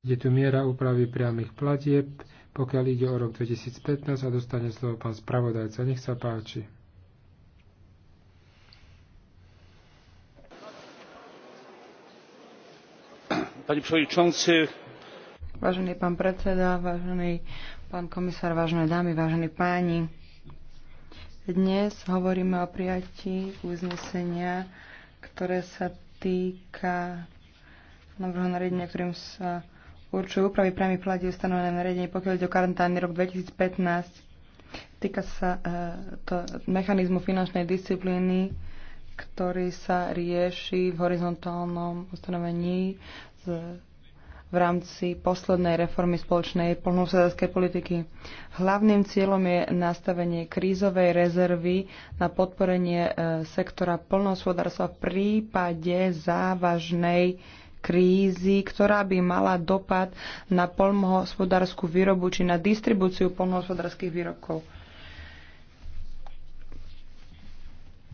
Je tu miera úpravy priamých platieb, pokiaľ ide o rok 2015 a dostane slovo pán spravodajca. Nech sa páči. Pani przewodniczący. Vážený pán predseda, vážený pán komisár, vážené dámy, vážení páni. Dnes hovoríme o prijatí uznesenia, ktoré sa týka návrhu nariadenia, ktorým sa určujú úpravy priamy platí ustanovené nariadenie, pokiaľ ide o karantány rok 2015. Týka sa e, to mechanizmu finančnej disciplíny, ktorý sa rieši v horizontálnom ustanovení z v rámci poslednej reformy spoločnej poľnohospodárskej politiky. Hlavným cieľom je nastavenie krízovej rezervy na podporenie e, sektora poľnohospodárstva v prípade závažnej krízy, ktorá by mala dopad na polnohospodárskú výrobu či na distribúciu polnohospodárských výrobkov.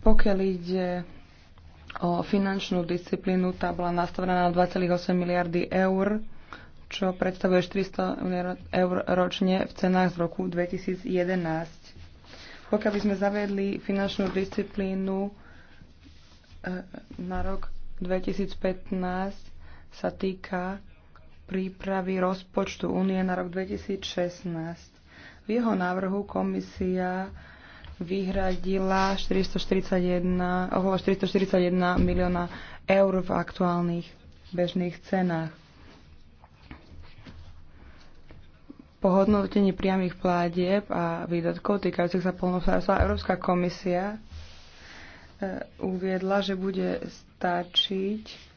Pokiaľ ide o finančnú disciplínu, tá bola nastavená na 2,8 miliardy eur, čo predstavuje 400 miliard eur ročne v cenách z roku 2011. Pokiaľ by sme zavedli finančnú disciplínu eh, na rok 2015, sa týka prípravy rozpočtu únie na rok 2016. V jeho návrhu komisia vyhradila 441, okolo 441 milióna eur v aktuálnych bežných cenách. Po hodnotení priamých pládieb a výdatkov týkajúcich sa polnohospodárstva Európska komisia e, uviedla, že bude stačiť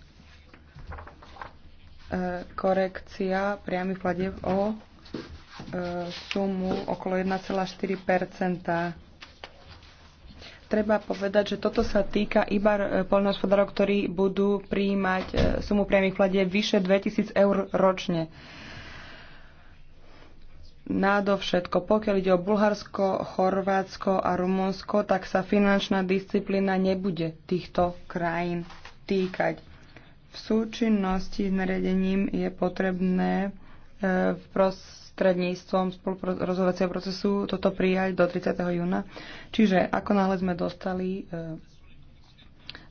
korekcia priamých platieb o e, sumu okolo 1,4 Treba povedať, že toto sa týka iba e, poľnohospodárov, ktorí budú príjmať e, sumu priamých platieb vyše 2000 eur ročne. Nádovšetko, pokiaľ ide o Bulharsko, Chorvátsko a Rumunsko, tak sa finančná disciplína nebude týchto krajín týkať v súčinnosti s nariadením je potrebné e, v prostredníctvom rozhodovacieho procesu toto prijať do 30. júna. Čiže ako náhle sme dostali e,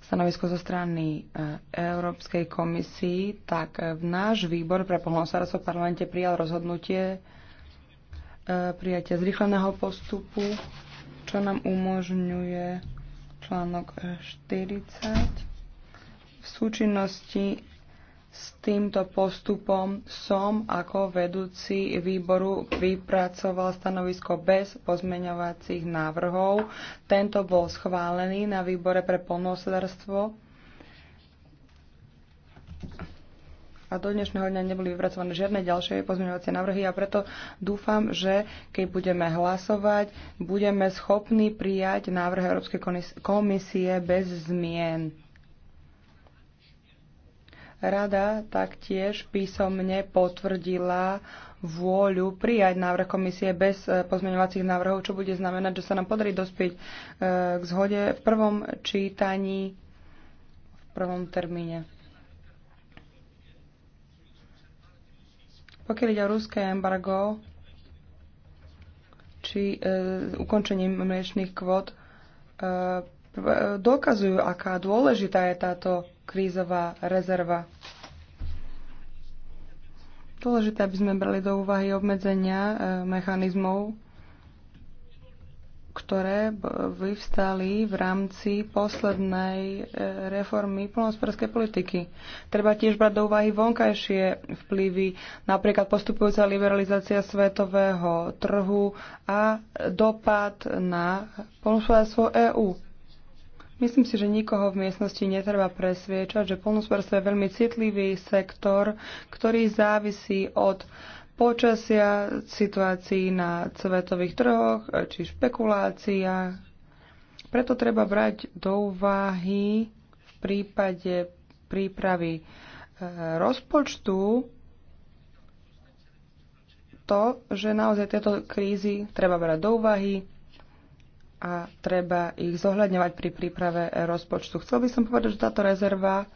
stanovisko zo strany e, Európskej komisii, tak v náš výbor pre pohľadnosť v parlamente prijal rozhodnutie prijatia zrychleného postupu, čo nám umožňuje článok 40 v súčinnosti s týmto postupom som ako vedúci výboru vypracoval stanovisko bez pozmeňovacích návrhov. Tento bol schválený na výbore pre polnohospodárstvo. a do dnešného dňa neboli vypracované žiadne ďalšie pozmeňovacie návrhy a preto dúfam, že keď budeme hlasovať, budeme schopní prijať návrh Európskej komisie bez zmien. Rada taktiež písomne potvrdila vôľu prijať návrh komisie bez e, pozmeňovacích návrhov, čo bude znamenať, že sa nám podarí dospieť e, k zhode v prvom čítaní v prvom termíne. Pokiaľ ide o ruské embargo, či e, ukončením mliečných kvót e, e dokazujú, aká dôležitá je táto krízová rezerva. Dôležité, aby sme brali do úvahy obmedzenia e, mechanizmov, ktoré vyvstali v rámci poslednej e, reformy plnohospodárskej politiky. Treba tiež brať do úvahy vonkajšie vplyvy, napríklad postupujúca liberalizácia svetového trhu a dopad na plnohospodárstvo EÚ. Myslím si, že nikoho v miestnosti netreba presviečať, že polnospodárstvo je veľmi citlivý sektor, ktorý závisí od počasia, situácií na svetových trhoch či špekuláciách. Preto treba brať do úvahy v prípade prípravy e, rozpočtu to, že naozaj tieto krízy treba brať do úvahy a treba ich zohľadňovať pri príprave rozpočtu. Chcel by som povedať, že táto rezerva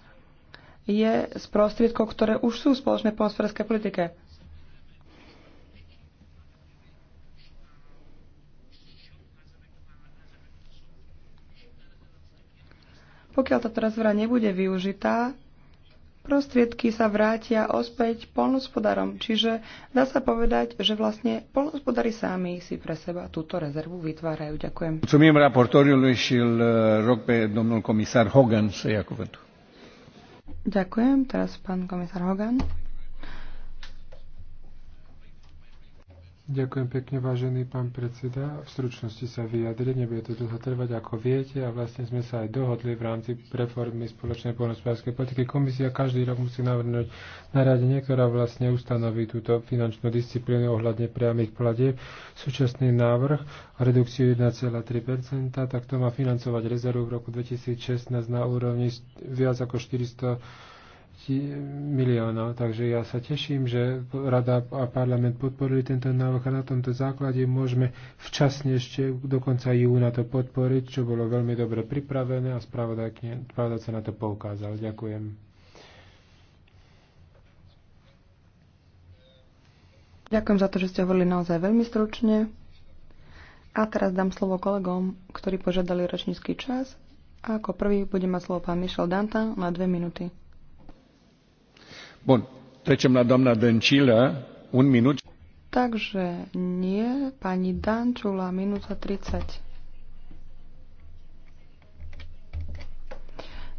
je z prostriedkov, ktoré už sú v spoločnej polnospodárskej politike. Pokiaľ táto rezerva nebude využitá, prostriedky sa vrátia ospäť polnospodárom. Čiže dá sa povedať, že vlastne polnospodári sami si pre seba túto rezervu vytvárajú. Ďakujem. Mulțumim raportorului și îl eh, rog pe domnul comisar Hogan să ia cuvântul. Ďakujem. Teraz pán komisár Hogan. Ďakujem pekne, vážený pán predseda. V stručnosti sa vyjadri, nebude to dlho trvať, ako viete, a vlastne sme sa aj dohodli v rámci reformy spoločnej poľnospodárskej politiky. Komisia každý rok musí navrhnúť na rade ktorá vlastne ustanoví túto finančnú disciplínu ohľadne priamých platieb. Súčasný návrh a redukciu 1,3%, tak to má financovať rezervu v roku 2016 na úrovni viac ako 400 miliónov. Takže ja sa teším, že Rada a parlament podporili tento návrh a na tomto základe môžeme včasne ešte do konca júna to podporiť, čo bolo veľmi dobre pripravené a sa na to poukázal. Ďakujem. Ďakujem za to, že ste hovorili naozaj veľmi stručne. A teraz dám slovo kolegom, ktorí požiadali ročnícky čas. A ako prvý bude mať slovo pán Michel Danta na dve minúty. Takže nie, pani Dančula, minúta 30.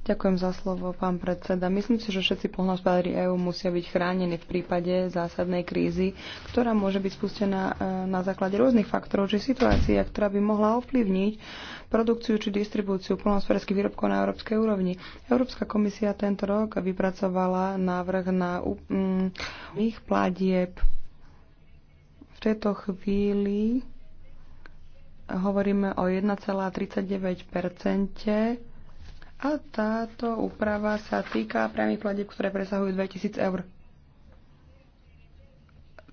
Ďakujem za slovo, pán predseda. Myslím si, že všetci pohľadpári EÚ musia byť chránení v prípade zásadnej krízy, ktorá môže byť spustená e, na základe rôznych faktorov či situácia, ktorá by mohla ovplyvniť produkciu či distribúciu plnohospodárských výrobkov na európskej úrovni. Európska komisia tento rok vypracovala návrh na um, ich pladieb. V tejto chvíli hovoríme o 1,39 a táto úprava sa týka priamých platieb, ktoré presahujú 2000 eur.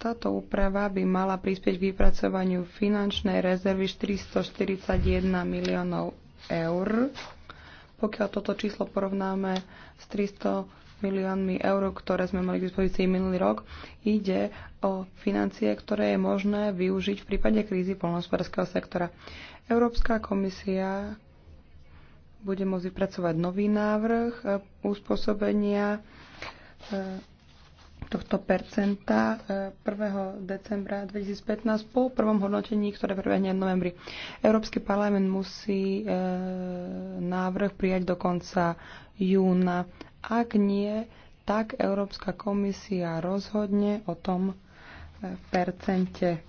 Táto úprava by mala prispieť k vypracovaniu finančnej rezervy 441 miliónov eur. Pokiaľ toto číslo porovnáme s 300 miliónmi eur, ktoré sme mali k dispozícii minulý rok, ide o financie, ktoré je možné využiť v prípade krízy polnohospodárskeho sektora. Európska komisia bude môcť vypracovať nový návrh e, uspôsobenia e, tohto percenta 1. E, decembra 2015 po prvom hodnotení, ktoré prebehne v novembri. Európsky parlament musí návrh prijať do konca júna. Ak nie, tak Európska komisia rozhodne o tom percente.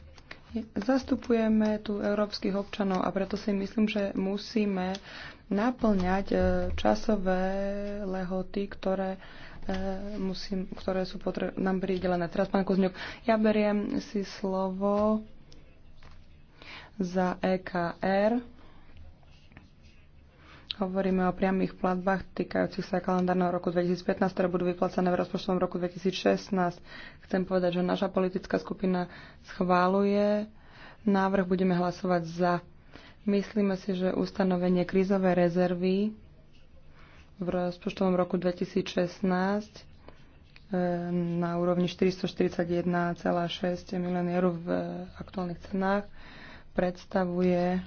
Zastupujeme tu európskych občanov a preto si myslím, že musíme naplňať e, časové lehoty, ktoré, e, musím, ktoré sú potre- nám pridelené. Teraz, pán Kuzňuk, ja beriem si slovo za EKR. Hovoríme o priamých platbách týkajúcich sa kalendárneho roku 2015, ktoré budú vyplacené v rozpočtovom roku 2016. Chcem povedať, že naša politická skupina schváluje návrh. Budeme hlasovať za Myslíme si, že ustanovenie krízovej rezervy v rozpočtovom roku 2016 e, na úrovni 441,6 milión eur v aktuálnych cenách predstavuje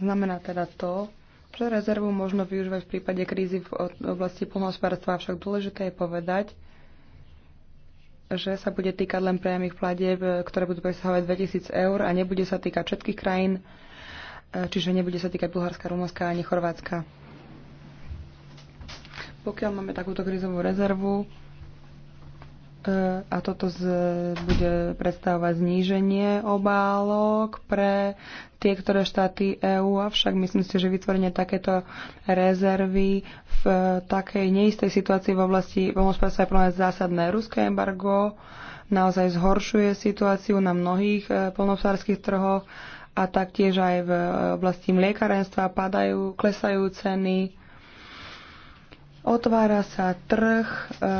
znamená teda to, že rezervu možno využívať v prípade krízy v oblasti plnohospodárstva, avšak dôležité je povedať, že sa bude týkať len priamých platieb, e, ktoré budú presahovať 2000 eur a nebude sa týkať všetkých krajín, e, čiže nebude sa týkať Bulharska, Rumunska ani Chorvátska. Pokiaľ máme takúto krizovú rezervu, a toto z, bude predstavovať zníženie obálok pre tie, ktoré štáty EÚ, avšak myslím si, že vytvorenie takéto rezervy v takej neistej situácii v oblasti pomohospodárstva je pre zásadné. Ruské embargo naozaj zhoršuje situáciu na mnohých e, polnohospodárských trhoch a taktiež aj v oblasti mliekarenstva padajú, klesajú ceny, otvára sa trh, e,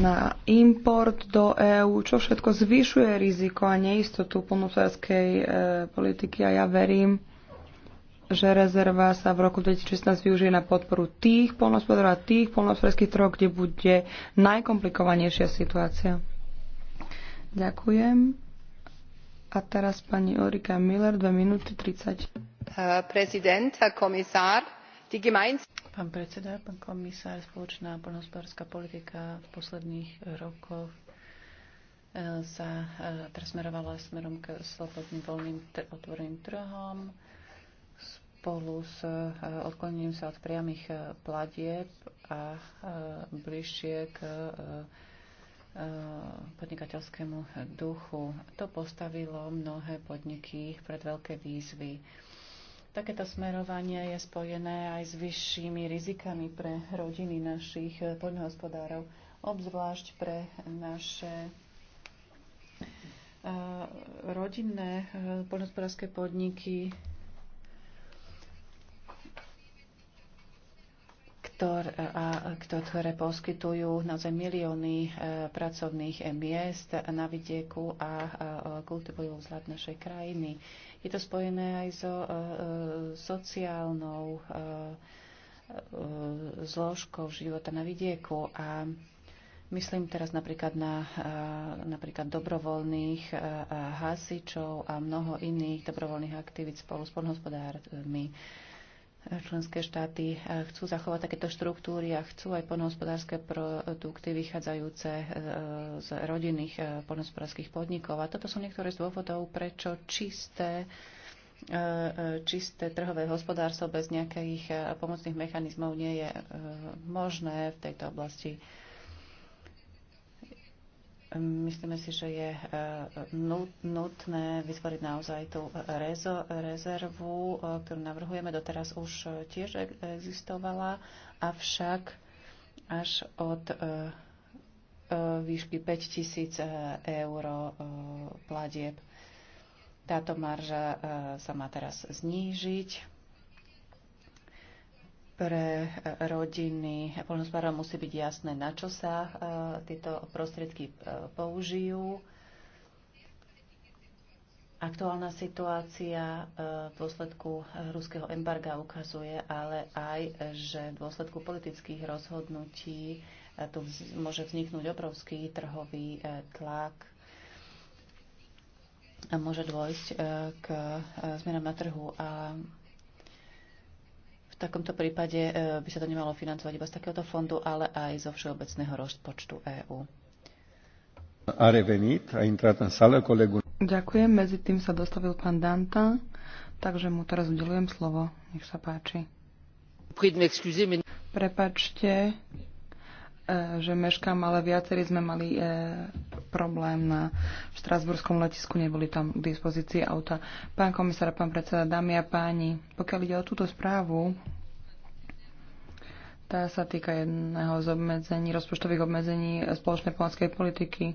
na import do EÚ, čo všetko zvyšuje riziko a neistotu plnotárskej e, politiky a ja verím, že rezerva sa v roku 2016 využije na podporu tých polnospodárov a tých polnospodárských trhov, kde bude najkomplikovanejšia situácia. Ďakujem. A teraz pani Ulrika Miller, 2 minúty 30. Prezident, komisár, Pán predseda, pán komisár, spoločná poľnohospodárska politika v posledných rokoch eh, sa presmerovala eh, smerom k slobodným voľným otvoreným trhom spolu s eh, odklonením sa od priamých platieb a bližšie k podnikateľskému duchu. To postavilo mnohé podniky pred veľké výzvy Takéto smerovanie je spojené aj s vyššími rizikami pre rodiny našich poľnohospodárov, obzvlášť pre naše eh, rodinné eh, poľnohospodárske podniky sektor, a, ktoré poskytujú naozaj milióny e, pracovných e, miest na vidieku a kultivujú vzhľad našej krajiny. Je to spojené aj so e, sociálnou zložkou života na vidieku a Myslím teraz napríklad na napríklad dobrovoľných hasičov a mnoho iných dobrovoľných aktivít spolu s podhospodármi členské štáty eh, chcú zachovať takéto štruktúry a chcú aj poľnohospodárske produkty vychádzajúce eh, z rodinných eh, poľnohospodárských podnikov. A toto sú niektoré z dôvodov, prečo čisté čisté trhové hospodárstvo bez nejakých pomocných mechanizmov nie je možné v tejto oblasti. Myslíme si, že je e, nutné vytvoriť naozaj tú rezervu, e, ktorú navrhujeme. Doteraz už e, tiež existovala, avšak až od výšky 5000 eur platieb. Táto marža sa má teraz znížiť pre rodiny polnospodárov musí byť jasné, na čo sa e, tieto prostriedky e, použijú. Aktuálna situácia e, v dôsledku ruského embarga ukazuje ale aj, že v dôsledku politických rozhodnutí tu môže vzniknúť obrovský trhový tlak a môže dôjsť k zmenám na trhu. A takomto prípade e, by sa to nemalo financovať iba z takéhoto fondu, ale aj zo všeobecného rozpočtu EÚ. Ďakujem, medzi tým sa dostavil pán Danta, takže mu teraz udelujem slovo. Nech sa páči. Prepačte, E, že meškám, ale viacerí sme mali e, problém na štrasburskom letisku, neboli tam k dispozícii auta. Pán komisár, pán predseda, dámy a páni, pokiaľ ide o túto správu, tá sa týka jedného z obmedzení, rozpočtových obmedzení spoločnej polanskej politiky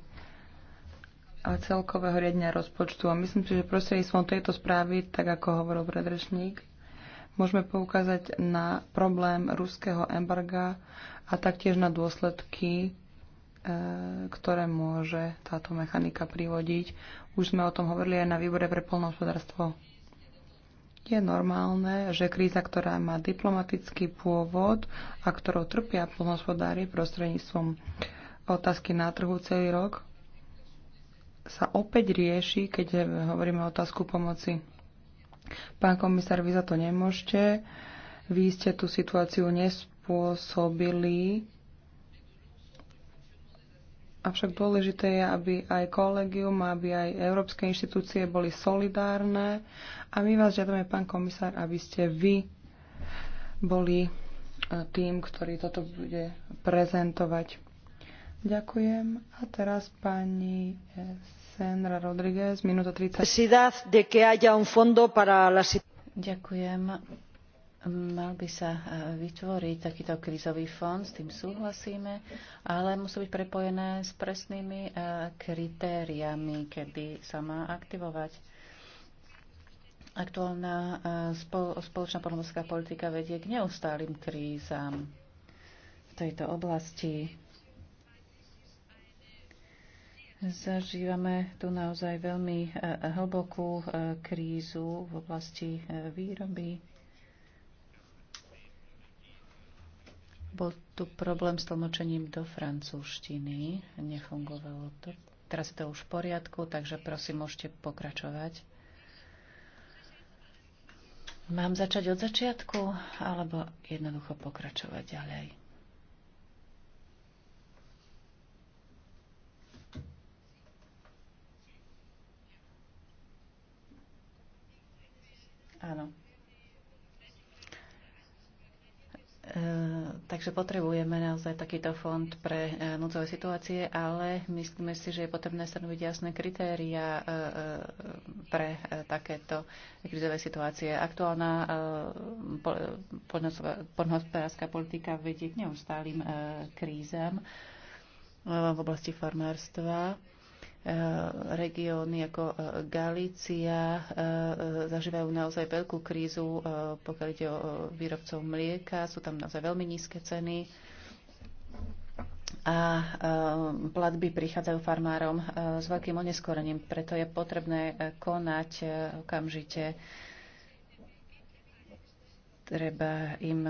a celkového riadenia rozpočtu. A myslím si, že prostredníctvom tejto správy, tak ako hovoril predrečník, Môžeme poukázať na problém ruského embarga a taktiež na dôsledky, e, ktoré môže táto mechanika privodiť. Už sme o tom hovorili aj na výbore pre polnohospodárstvo. Je normálne, že kríza, ktorá má diplomatický pôvod a ktorou trpia polnohospodári prostredníctvom otázky na trhu celý rok, sa opäť rieši, keď hovoríme o otázku pomoci Pán komisár, vy za to nemôžete. Vy ste tú situáciu nespôsobili. Avšak dôležité je, aby aj kolegium, aby aj európske inštitúcie boli solidárne. A my vás žiadame, pán komisár, aby ste vy boli e, tým, ktorý toto bude prezentovať. Ďakujem. A teraz pani S. E, De que haya un fondo para la... Ďakujem. Mal by sa e, vytvoriť takýto krízový fond, s tým súhlasíme, ale musí byť prepojené s presnými e, kritériami, kedy sa má aktivovať. Aktuálna e, spoločná podmorská politika vedie k neustálým krízam v tejto oblasti Zažívame tu naozaj veľmi e, hlbokú e, krízu v oblasti e, výroby. Bol tu problém s tlmočením do francúzštiny. Nefungovalo to. Teraz je to už v poriadku, takže prosím, môžete pokračovať. Mám začať od začiatku, alebo jednoducho pokračovať ďalej? Áno. E, takže potrebujeme naozaj takýto fond pre e, núdzové situácie, ale myslíme si, že je potrebné stanoviť jasné kritéria e, pre takéto krizové situácie. Aktuálna poľnohospodárska politika vedie k neustálým krízam v oblasti farmárstva E, regióny ako e, Galícia e, zažívajú naozaj veľkú krízu, pokiaľ ide o výrobcov mlieka, sú tam naozaj veľmi nízke ceny a platby prichádzajú farmárom s veľkým oneskorením, preto je potrebné konať okamžite treba, im,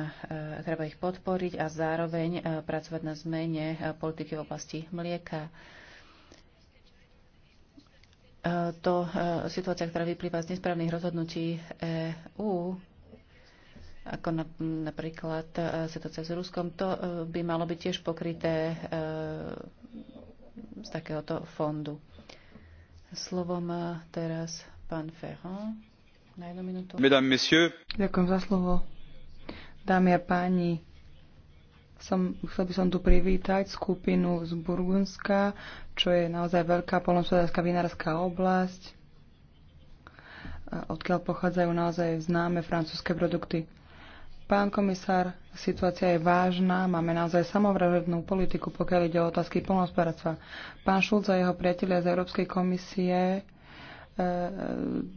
treba ich podporiť a zároveň pracovať na zmene politiky v oblasti mlieka to e, situácia, ktorá vyplýva z nesprávnych rozhodnutí EÚ, ako na, napríklad e, situácia s Ruskom, to e, by malo byť tiež pokryté z takéhoto fondu. Slovo má teraz pán Ferrand na jednu minútu. Ďakujem za slovo. Dámy a páni, som, chcel by som tu privítať skupinu z Burgundska, čo je naozaj veľká polnospodárska vinárska oblasť, odkiaľ pochádzajú naozaj známe francúzske produkty. Pán komisár, situácia je vážna, máme naozaj samovražednú politiku, pokiaľ ide o otázky polnospodárstva. Pán Šulc a jeho priatelia z Európskej komisie e, e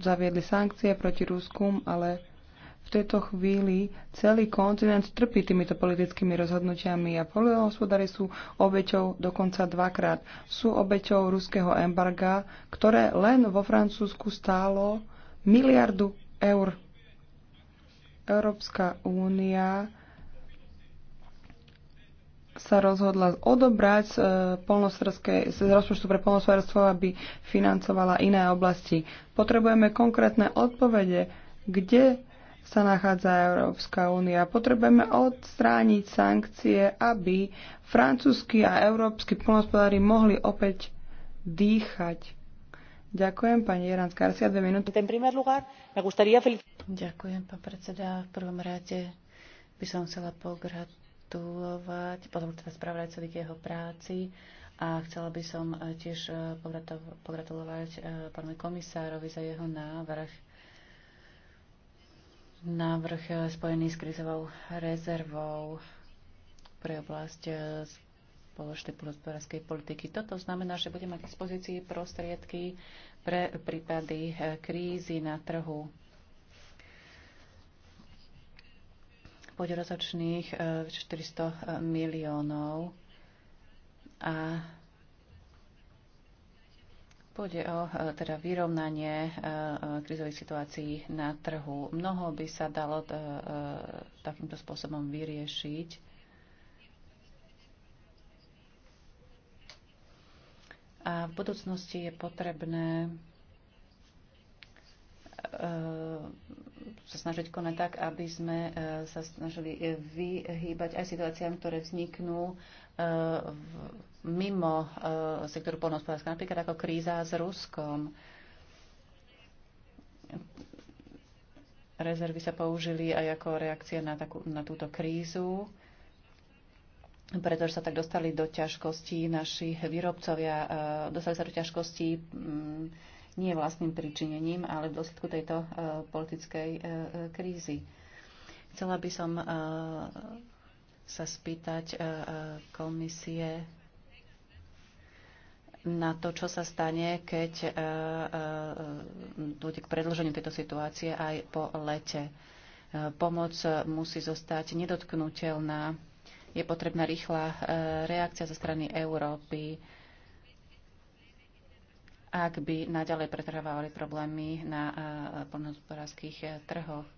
zaviedli sankcie proti Rusku, ale v tejto chvíli celý kontinent trpí týmito politickými rozhodnutiami a poľnohospodári sú obeťou dokonca dvakrát. Sú obeťou ruského embarga, ktoré len vo Francúzsku stálo miliardu eur. Európska únia sa rozhodla odobrať e, z, rozpočtu pre polnospodárstvo, aby financovala iné oblasti. Potrebujeme konkrétne odpovede, kde sa nachádza Európska únia. Potrebujeme odstrániť sankcie, aby francúzsky a európsky plnospodári mohli opäť dýchať. Ďakujem, pani Jeranc Arsia, dve minúty. Ďakujem, pán predseda. V prvom rade by som chcela pogratulovať, spravovať celý k jeho práci a chcela by som eh, tiež eh, pogratulovať eh, pánovi komisárovi za jeho návrh návrh eh, spojený s krizovou rezervou pre oblasť eh, spoločnej hospodárskej politiky. Toto znamená, že budeme mať k dispozícii prostriedky pre prípady eh, krízy na trhu. podrozočných 400 miliónov a Pôjde o e, teda vyrovnanie e, e, krizových situácií na trhu. Mnoho by sa dalo takýmto spôsobom vyriešiť. A v budúcnosti je potrebné sa snažiť konať tak, aby sme sa snažili vyhýbať aj situáciám, ktoré vzniknú v mimo eh, sektoru polnohospodárstva, napríklad ako kríza s Ruskom. Rezervy sa použili aj ako reakcia na, takú, na túto krízu pretože sa tak dostali do ťažkostí naši výrobcovia, eh, dostali sa do ťažkostí mm, nie vlastným pričinením, ale v dôsledku tejto eh, politickej krízy. Chcela by som sa spýtať komisie, na to, čo sa stane, keď e, e, dôjde k predlženiu tejto situácie aj po lete. E, pomoc musí zostať nedotknutelná. Je potrebná rýchla reakcia zo strany Európy, ak by naďalej pretrvávali problémy na poľnohospodárských trhoch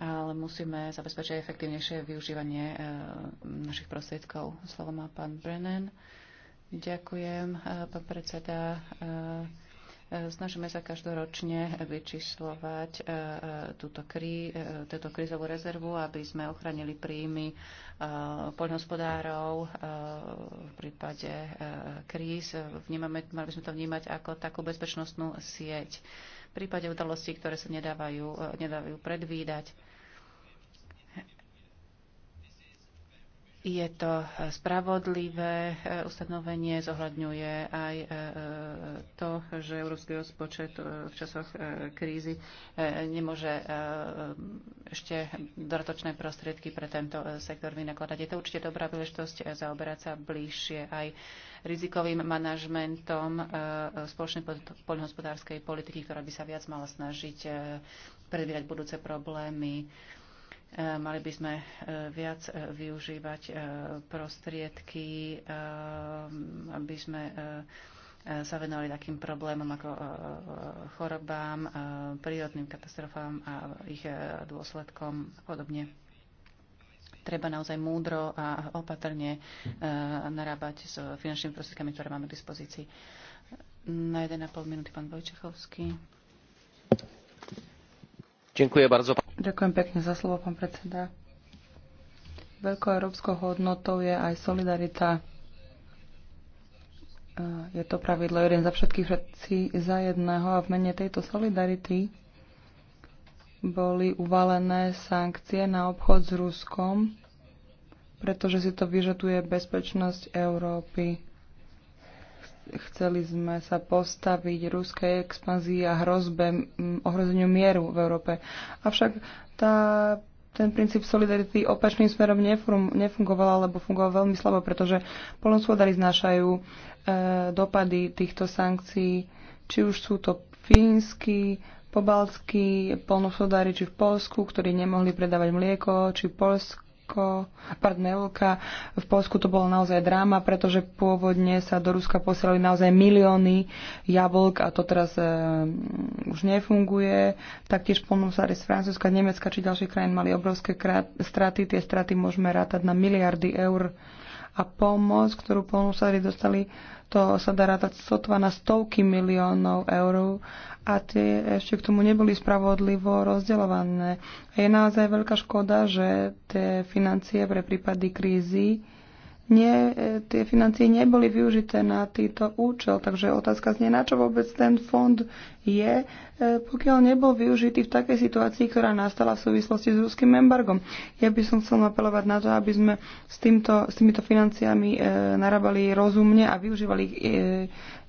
ale musíme zabezpečiť efektívnejšie využívanie eh, našich prostriedkov. Slovo má pán Brennan. Ďakujem, eh, pán predseda. Eh, snažíme sa každoročne vyčíslovať túto krí, túto krízovú rezervu, aby sme ochránili príjmy poľnohospodárov v prípade kríz. Vnímame, mali by sme to vnímať ako takú bezpečnostnú sieť v prípade udalostí, ktoré sa nedávajú, nedávajú predvídať. Je to eh, spravodlivé eh, ustanovenie, zohľadňuje aj eh, to, že európsky rozpočet v časoch krízy nemôže ešte dodatočné prostriedky pre tento sektor vynakladať. Je to určite dobrá príležitosť zaoberať sa bližšie aj rizikovým manažmentom spoločnej poľnohospodárskej politiky, ktorá by sa viac mala snažiť predvídať budúce problémy Eh, mali by sme eh, viac eh, využívať prostriedky, aby sme sa venovali takým problémom ako chorobám, prírodným katastrofám a ich dôsledkom a podobne. Treba naozaj múdro a opatrne narábať s finančnými prostriedkami, ktoré máme k dispozícii. Na 1,5 minúty pán Vojčechovský. Ďakujem pekne za slovo, pán predseda. Veľkou európskou hodnotou je aj solidarita. Je to pravidlo jeden za všetkých, všetci za jedného a v mene tejto solidarity boli uvalené sankcie na obchod s Ruskom, pretože si to vyžaduje bezpečnosť Európy. Chceli sme sa postaviť ruskej expanzii a hrozbe ohrozeniu mieru v Európe. Avšak tá, ten princíp solidarity opačným smerom nefungoval, alebo fungoval veľmi slabo, pretože polnospodári znášajú e, dopady týchto sankcií, či už sú to fínsky, pobaltskí polnospodári, či v Polsku, ktorí nemohli predávať mlieko, či polsk Polsko, pardon, Nelka. V Polsku to bola naozaj dráma, pretože pôvodne sa do Ruska posielali naozaj milióny jablk a to teraz e, už nefunguje. Taktiež polnosári z Francúzska, Nemecka či ďalších krajín mali obrovské krát, straty. Tie straty môžeme rátať na miliardy eur a pomoc, ktorú polnosári dostali, to sa dá rátať sotva na stovky miliónov eur a tie ešte k tomu neboli spravodlivo rozdeľované. Je naozaj veľká škoda, že tie financie pre prípady krízy nie, e, tie financie neboli využité na týto účel. Takže otázka znie, na čo vôbec ten fond je, e, pokiaľ nebol využitý v takej situácii, ktorá nastala v súvislosti s ruským embargom. Ja by som chcel apelovať na to, aby sme s, týmto, s týmito financiami e, narábali rozumne a využívali ich, e,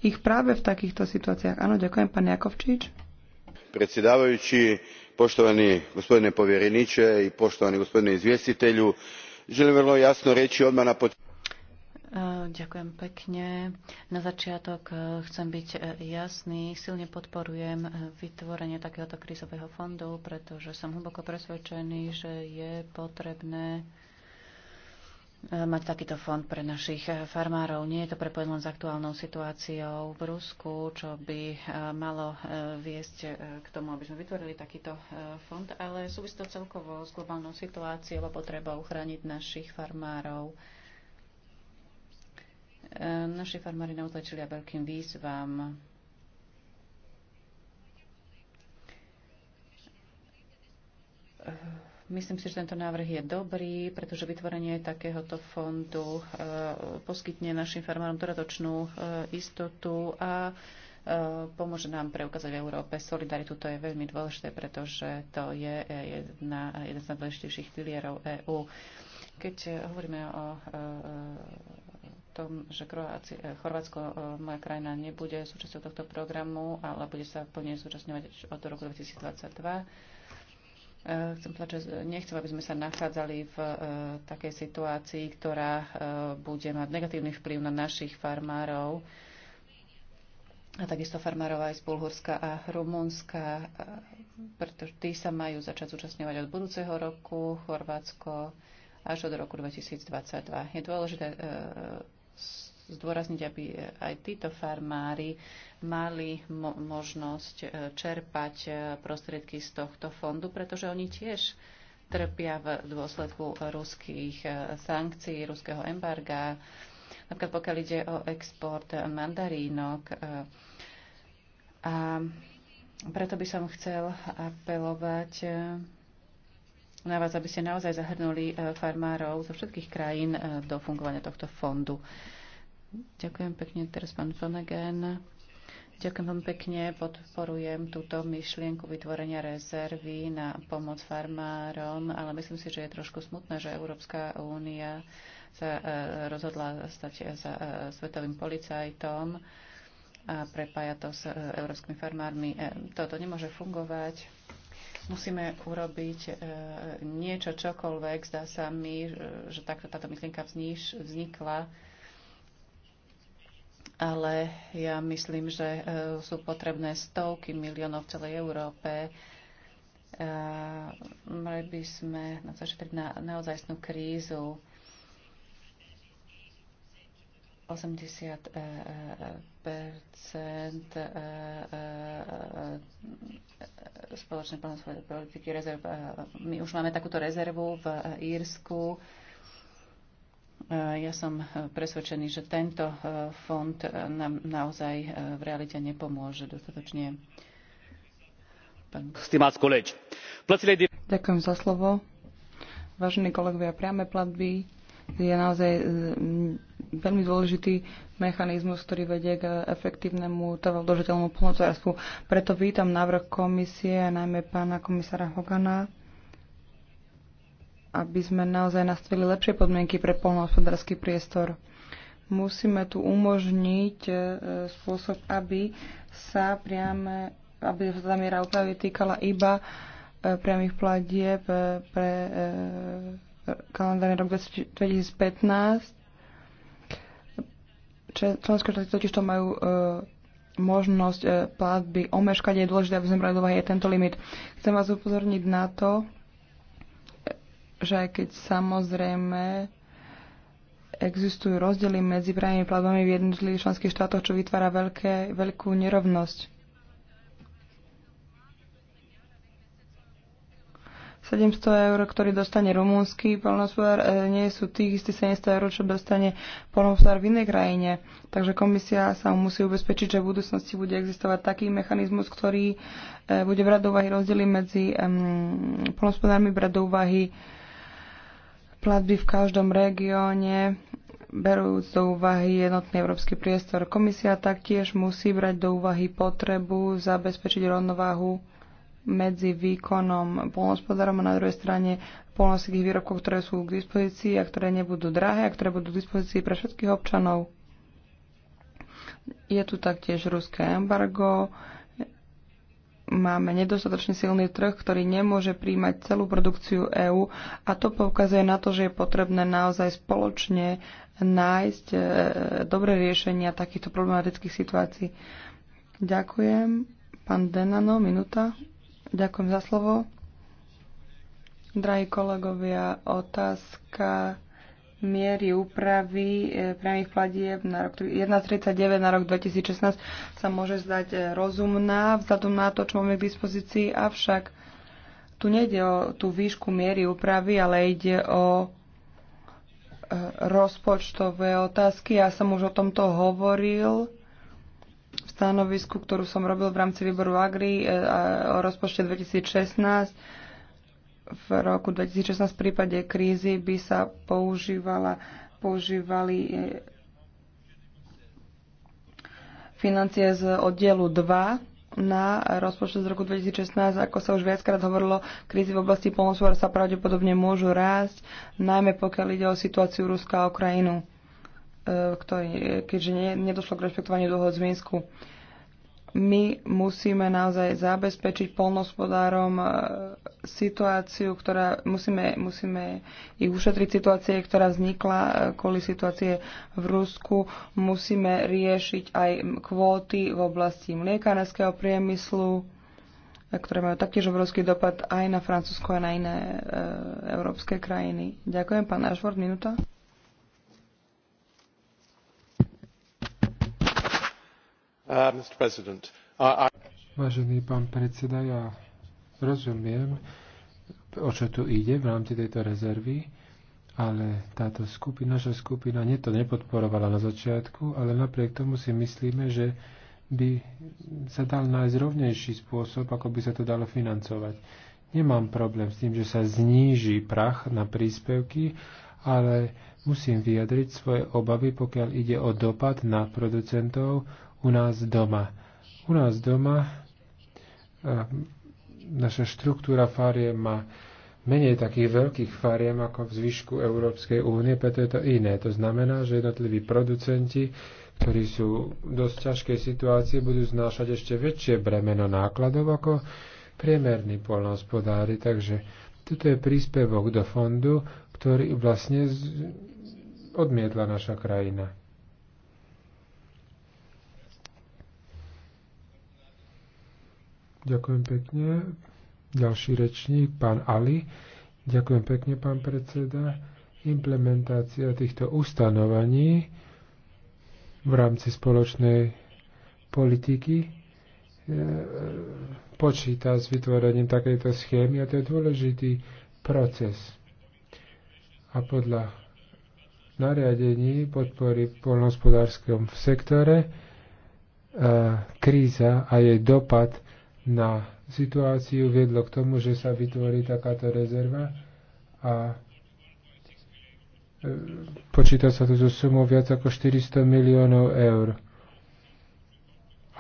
ich práve v takýchto situáciách. Áno, ďakujem, pán Jakovčič. Predsedávajúci, poštovani gospodine povjereniče i poštovani gospodine izvjestitelju, želim vrlo jasno reći odmah na početku Ďakujem pekne. Na začiatok e, chcem byť e, jasný. Silne podporujem e, vytvorenie takéhoto krízového fondu, pretože som hlboko presvedčený, že je potrebné mať takýto fond pre našich farmárov. Nie je to prepojené len s aktuálnou situáciou v Rusku, čo by malo viesť k tomu, aby sme vytvorili takýto fond, ale súvisí to celkovo s globálnou situáciou a potrebou chrániť našich farmárov. Ehm, naši farmári naozaj čelia veľkým výzvam. Ehm, myslím si, že tento návrh je dobrý, pretože vytvorenie takéhoto fondu ehm, poskytne našim farmárom dodatočnú istotu a pomôže nám preukázať v Európe solidaritu. To je veľmi dôležité, pretože to je e, jedna, jeden z najdôležitejších pilierov EÚ. Keď hovoríme o e, tom, že eh, Chorvátsko, eh, moja krajina, nebude súčasťou tohto programu, ale bude sa plne zúčastňovať od roku 2022. Eh, chcem povedať, že nechcem, aby sme sa nachádzali v takej situácii, ktorá bude mať negatívny vplyv na našich farmárov a takisto farmárov aj z Bulhurska a Rumunska, pretože tí sa majú začať zúčastňovať od budúceho roku, Chorvátsko až od roku 2022. Je dôležité zdôrazniť, aby e, aj títo farmári mali mo- možnosť e, čerpať e, prostriedky z tohto fondu, pretože oni tiež trpia v dôsledku ruských sankcií, ruského embarga. Napríklad pokiaľ ide o export mandarínok. A preto by som chcel apelovať na vás, aby ste naozaj zahrnuli farmárov zo všetkých krajín do fungovania tohto fondu. Ďakujem pekne. Teraz pán Flanagan. Ďakujem vám pekne. Podporujem túto myšlienku vytvorenia rezervy na pomoc farmárom, ale myslím si, že je trošku smutné, že Európska únia sa e, rozhodla stať e, za e, svetovým policajtom a prepája to s európskymi farmármi. Toto nemôže fungovať. Musíme urobiť niečo, čokoľvek. Zdá sa mi, že takto táto myšlienka vznikla ale ja myslím, že e, sú potrebné stovky miliónov v celej Európe. E, mali by sme na to na naozajstnú krízu. 80 e, spoločnej politiky rezerv. My už máme takúto rezervu v Írsku ja som e, presvedčený, že tento e, fond e, nám naozaj v realite nepomôže dostatočne. Ďakujem za slovo. Vážení kolegovia, priame platby je naozaj veľmi dôležitý mechanizmus, ktorý vedie k efektívnemu trvalodržateľnému plnotvárstvu. Preto vítam návrh komisie, najmä pána komisára Hogana, aby sme naozaj nastavili lepšie podmienky pre polnohospodársky priestor. Musíme tu umožniť e, spôsob, aby sa priame, aby sa miera úpravy týkala iba e, priamých platieb e, pre kalendárny rok 2015. Členské štáty totiž to majú možnosť platby omeškať. Je dôležité, aby sme brali do aj tento limit. Chcem vás upozorniť na to, že aj keď samozrejme existujú rozdiely medzi právnymi platbami v jednotlivých členských štátoch, čo vytvára veľké, veľkú nerovnosť. 700 eur, ktorý dostane rumúnsky polnospodár, e, nie sú tých istých 700 eur, čo dostane polnospodár v inej krajine. Takže komisia sa musí ubezpečiť, že v budúcnosti bude existovať taký mechanizmus, ktorý e, bude brať do úvahy rozdiely medzi polnospodármi, brať do úvahy platby v každom regióne, berúc do úvahy jednotný európsky priestor. Komisia taktiež musí brať do úvahy potrebu zabezpečiť rovnováhu medzi výkonom polnospodárom a na druhej strane polnospodárských výrobkov, ktoré sú k dispozícii a ktoré nebudú drahé a ktoré budú k dispozícii pre všetkých občanov. Je tu taktiež ruské embargo, máme nedostatočne silný trh, ktorý nemôže príjmať celú produkciu EÚ a to poukazuje na to, že je potrebné naozaj spoločne nájsť e, dobré riešenia takýchto problematických situácií. Ďakujem. Pán Denano, minúta. Ďakujem za slovo. Drahí kolegovia, otázka miery úpravy e, priamých platieb na rok 1,39 na rok 2016 sa môže zdať e, rozumná vzhľadom na to, čo máme k dispozícii, avšak tu nejde o tú výšku miery úpravy, ale ide o e, rozpočtové otázky. Ja som už o tomto hovoril v stanovisku, ktorú som robil v rámci výboru Agri o rozpočte 2016 v roku 2016 v prípade krízy by sa používala, používali eh, financie z oddielu 2 na rozpočet z roku 2016, ako sa už viackrát hovorilo, krízy v oblasti polnospodárstva sa pravdepodobne môžu rásť, najmä pokiaľ ide o situáciu Ruska a Ukrajinu, eh, keďže nedošlo k rešpektovaniu dohod z Minsku my musíme naozaj zabezpečiť polnospodárom e, situáciu, ktorá musíme, musíme ich ušetriť situácie, ktorá vznikla e, kvôli situácie v Rusku. Musíme riešiť aj kvóty v oblasti mliekárenského priemyslu, e, ktoré majú taktiež obrovský dopad aj na Francúzsko a na iné e, európske krajiny. Ďakujem, pán Ashford, minúta. Uh, Vážený pán predseda, ja rozumiem, o čo tu ide v rámci tejto rezervy, ale táto skupina, naša skupina nie to nepodporovala na začiatku, ale napriek tomu si myslíme, že by sa dal nájsť rovnejší spôsob, ako by sa to dalo financovať. Nemám problém s tým, že sa zníži prach na príspevky, ale musím vyjadriť svoje obavy, pokiaľ ide o dopad na producentov, u nás doma. U nás doma naša štruktúra fariem má menej takých veľkých fariem ako v zvyšku Európskej únie, preto je to iné. To znamená, že jednotliví producenti, ktorí sú v dosť ťažkej situácii, budú znášať ešte väčšie bremeno nákladov ako priemerní polnohospodári. Takže toto je príspevok do fondu, ktorý vlastne odmietla naša krajina. Ďakujem pekne. Ďalší rečník, pán Ali. Ďakujem pekne, pán predseda. Implementácia týchto ustanovaní v rámci spoločnej politiky e, počíta s vytvorením takejto schémy a to je dôležitý proces. A podľa nariadení podpory v polnohospodárskom sektore e, kríza a jej dopad na situáciu viedlo k tomu, že sa vytvorí takáto rezerva a e, počíta sa tu zo sumou viac ako 400 miliónov eur.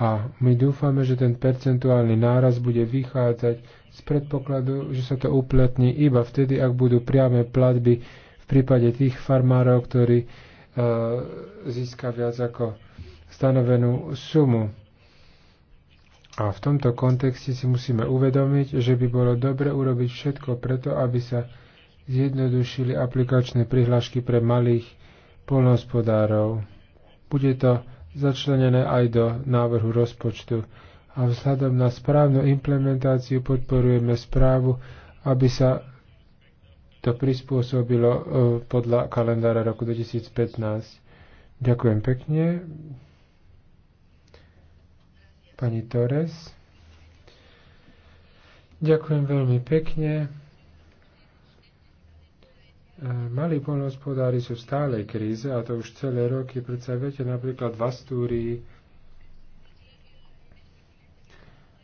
A my dúfame, že ten percentuálny náraz bude vychádzať z predpokladu, že sa to uplatní iba vtedy, ak budú priame platby v prípade tých farmárov, ktorí uh, získa viac ako stanovenú sumu. A v tomto kontexte si musíme uvedomiť, že by bolo dobre urobiť všetko preto, aby sa zjednodušili aplikačné prihlášky pre malých polnohospodárov. Bude to začlenené aj do návrhu rozpočtu a vzhľadom na správnu implementáciu podporujeme správu, aby sa to prispôsobilo eh, podľa kalendára roku 2015. Ďakujem pekne. Pani Torres. Ďakujem veľmi pekne. E, malí polnohospodári sú v stálej kríze a to už celé roky. Predsa viete, napríklad v Astúrii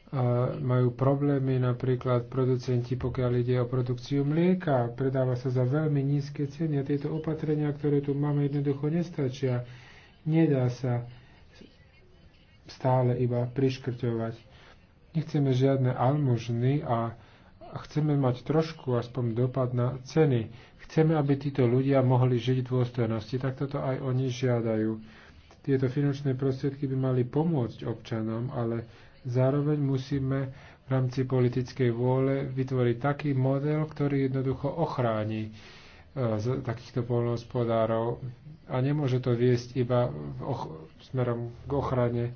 a majú problémy napríklad producenti, pokiaľ ide o produkciu mlieka. Predáva sa za veľmi nízke ceny a tieto opatrenia, ktoré tu máme, jednoducho nestačia. Nedá sa stále iba priškrťovať. Nechceme žiadne almužny a chceme mať trošku aspoň dopad na ceny. Chceme, aby títo ľudia mohli žiť v dôstojnosti, tak toto aj oni žiadajú. Tieto finančné prostriedky by mali pomôcť občanom, ale zároveň musíme v rámci politickej vôle vytvoriť taký model, ktorý jednoducho ochráni e, z takýchto polnohospodárov a nemôže to viesť iba v och- smerom k ochrane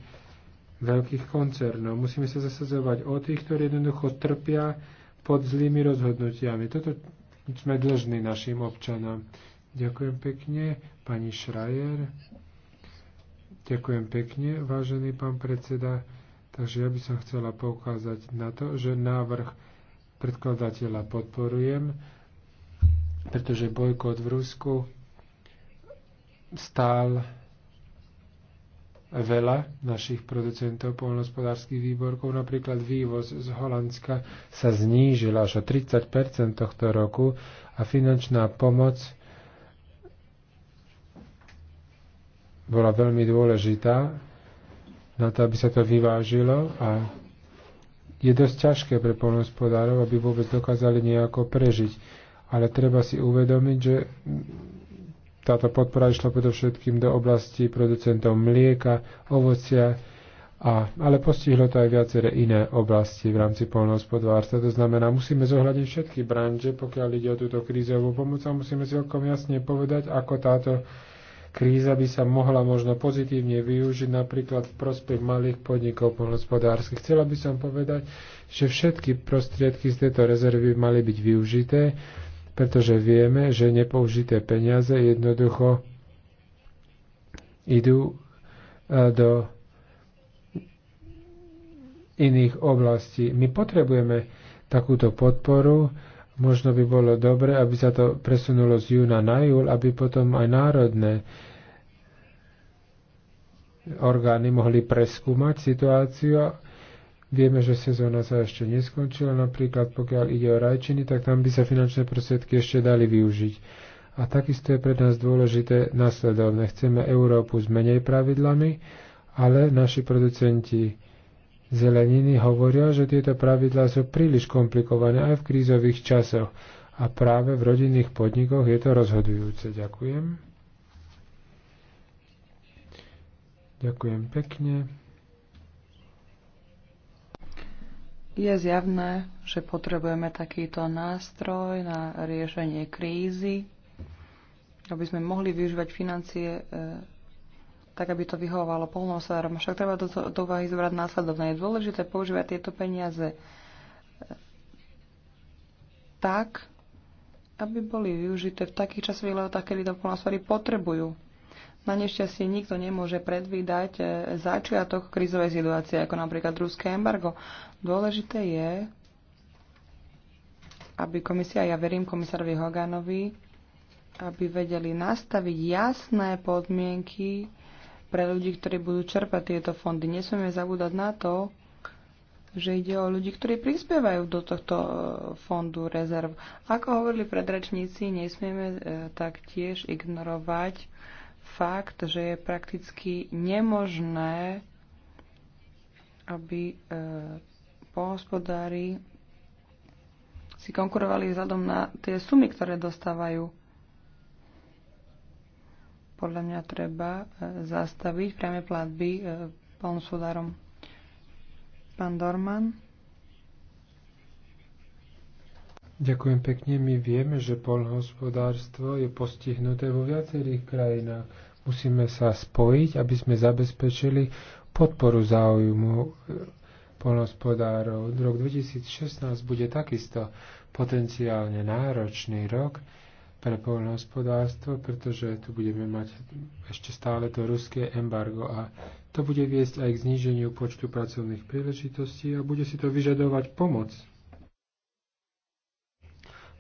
veľkých koncernov. Musíme sa zasadzovať o tých, ktorí jednoducho trpia pod zlými rozhodnutiami. Toto sme dlžní našim občanom. Ďakujem pekne, pani Šrajer. Ďakujem pekne, vážený pán predseda. Takže ja by som chcela poukázať na to, že návrh predkladateľa podporujem, pretože bojkot v Rusku stál veľa našich producentov poľnohospodárských výborkov. Napríklad vývoz z Holandska sa znížil až o 30 tohto roku a finančná pomoc bola veľmi dôležitá na to, aby sa to vyvážilo a je dosť ťažké pre poľnohospodárov, aby vôbec dokázali nejako prežiť. Ale treba si uvedomiť, že táto podpora išla predovšetkým do oblasti producentov mlieka, ovocia, a, ale postihlo to aj viaceré iné oblasti v rámci polnohospodárstva. To znamená, musíme zohľadiť všetky branže, pokiaľ ide o túto krízovú pomoc a musíme celkom jasne povedať, ako táto kríza by sa mohla možno pozitívne využiť napríklad v prospech malých podnikov polnohospodárskych. Chcela by som povedať, že všetky prostriedky z tejto rezervy mali byť využité pretože vieme, že nepoužité peniaze jednoducho idú e, do iných oblastí. My potrebujeme takúto podporu, možno by bolo dobre, aby sa to presunulo z júna na júl, aby potom aj národné orgány mohli preskúmať situáciu Vieme, že sezóna sa ešte neskončila, napríklad pokiaľ ide o rajčiny, tak tam by sa finančné prostriedky ešte dali využiť. A takisto je pre nás dôležité nasledovne. Chceme Európu s menej pravidlami, ale naši producenti zeleniny hovoria, že tieto pravidlá sú príliš komplikované aj v krízových časoch. A práve v rodinných podnikoch je to rozhodujúce. Ďakujem. Ďakujem pekne. Je zjavné, že potrebujeme takýto nástroj na riešenie krízy, aby sme mohli využívať financie e, tak, aby to vyhovovalo polnohospodárom. Však treba do, do úvahy zobrať následovné. Je dôležité používať tieto peniaze e, tak, aby boli využité v takých časových lehotách, kedy to polnohospodári potrebujú. Na nešťastie nikto nemôže predvídať e, začiatok krizovej situácie, ako napríklad ruské embargo. Dôležité je, aby komisia, ja verím komisárovi Hoganovi, aby vedeli nastaviť jasné podmienky pre ľudí, ktorí budú čerpať tieto fondy. Nesmieme zabúdať na to, že ide o ľudí, ktorí prispievajú do tohto e, fondu rezerv. Ako hovorili predračníci, nesmieme e, taktiež ignorovať fakt, že je prakticky nemožné, aby e, pohospodári si konkurovali vzhľadom na tie sumy, ktoré dostávajú. Podľa mňa treba e, zastaviť priame platby e, pohospodárom. Pán Dorman. Ďakujem pekne. My vieme, že polnohospodárstvo je postihnuté vo viacerých krajinách. Musíme sa spojiť, aby sme zabezpečili podporu záujmu e, polnohospodárov. Rok 2016 bude takisto potenciálne náročný rok pre poľnohospodárstvo, pretože tu budeme mať ešte stále to ruské embargo a to bude viesť aj k zníženiu počtu pracovných príležitostí a bude si to vyžadovať pomoc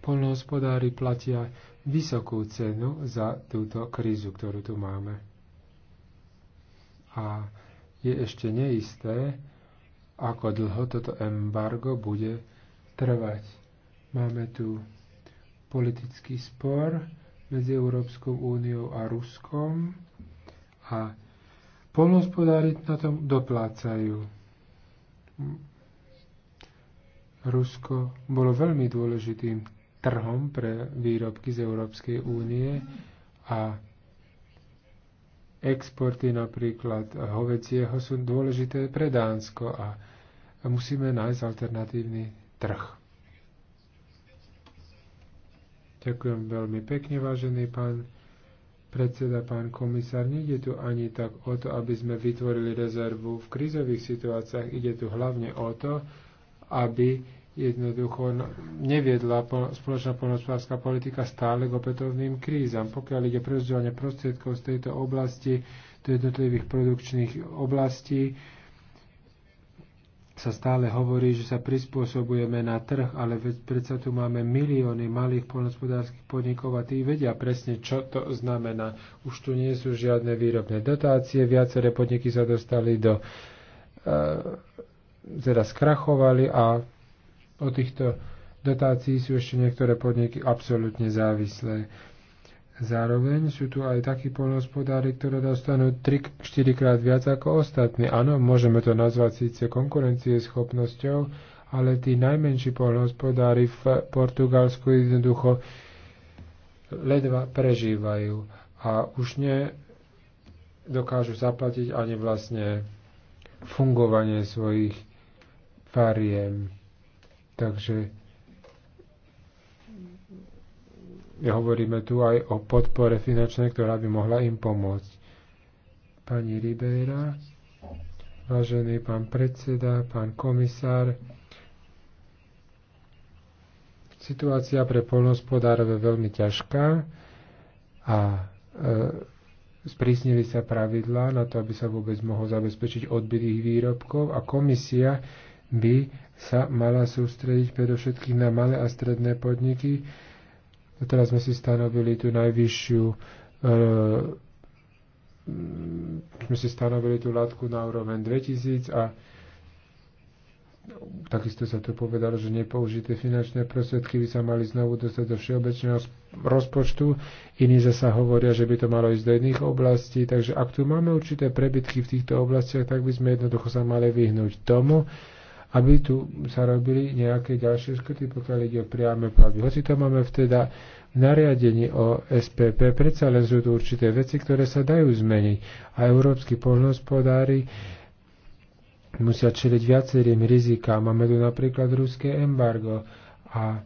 polnohospodári platia vysokú cenu za túto krízu, ktorú tu máme. A je ešte neisté, ako dlho toto embargo bude trvať. Máme tu politický spor medzi Európskou úniou a Ruskom a polnospodári na tom doplácajú. Rusko bolo veľmi dôležitým trhom pre výrobky z Európskej únie a exporty napríklad hovecieho sú dôležité pre Dánsko a musíme nájsť alternatívny trh. Ďakujem veľmi pekne, vážený pán predseda, pán komisár. Nejde tu ani tak o to, aby sme vytvorili rezervu v krizových situáciách. Ide tu hlavne o to, aby jednoducho no, neviedla spoločná poľnohospodárska politika stále k opätovným krízam. Pokiaľ ide prerozdeľovanie prostriedkov z tejto oblasti do jednotlivých produkčných oblastí, sa stále hovorí, že sa prispôsobujeme na trh, ale predsa tu máme milióny malých poľnohospodárskych podnikov a tí vedia presne, čo to znamená. Už tu nie sú žiadne výrobné dotácie, viaceré podniky sa dostali do... Uh, teda skrachovali a o týchto dotácií sú ešte niektoré podniky absolútne závislé. Zároveň sú tu aj takí polnohospodári, ktoré dostanú 3-4 krát viac ako ostatní. Áno, môžeme to nazvať síce schopnosťou, ale tí najmenší polnohospodári v Portugalsku jednoducho ledva prežívajú a už ne dokážu zaplatiť ani vlastne fungovanie svojich fariem. Takže hovoríme tu aj o podpore finančnej, ktorá by mohla im pomôcť. Pani Ribeira, vážený pán predseda, pán komisár, situácia pre polnospodárov je veľmi ťažká a e, sprísnili sa pravidlá na to, aby sa vôbec mohol zabezpečiť odbyt ich výrobkov a komisia by sa mala sústrediť predovšetkým na malé a stredné podniky. Teraz sme si stanovili tú najvyššiu e, sme si stanovili tú látku na úroveň 2000 a takisto sa tu povedalo, že nepoužité finančné prostriedky by sa mali znovu dostať do všeobecného rozpočtu. Iní zasa hovoria, že by to malo ísť do iných oblastí. Takže ak tu máme určité prebytky v týchto oblastiach, tak by sme jednoducho sa mali vyhnúť tomu, aby tu sa robili nejaké ďalšie škrty, pokiaľ ide o priame platby. Hoci to máme vteda v teda nariadení o SPP, predsa len sú tu určité veci, ktoré sa dajú zmeniť. A európsky poľnospodári musia čeliť viacerým rizikám. Máme tu napríklad ruské embargo a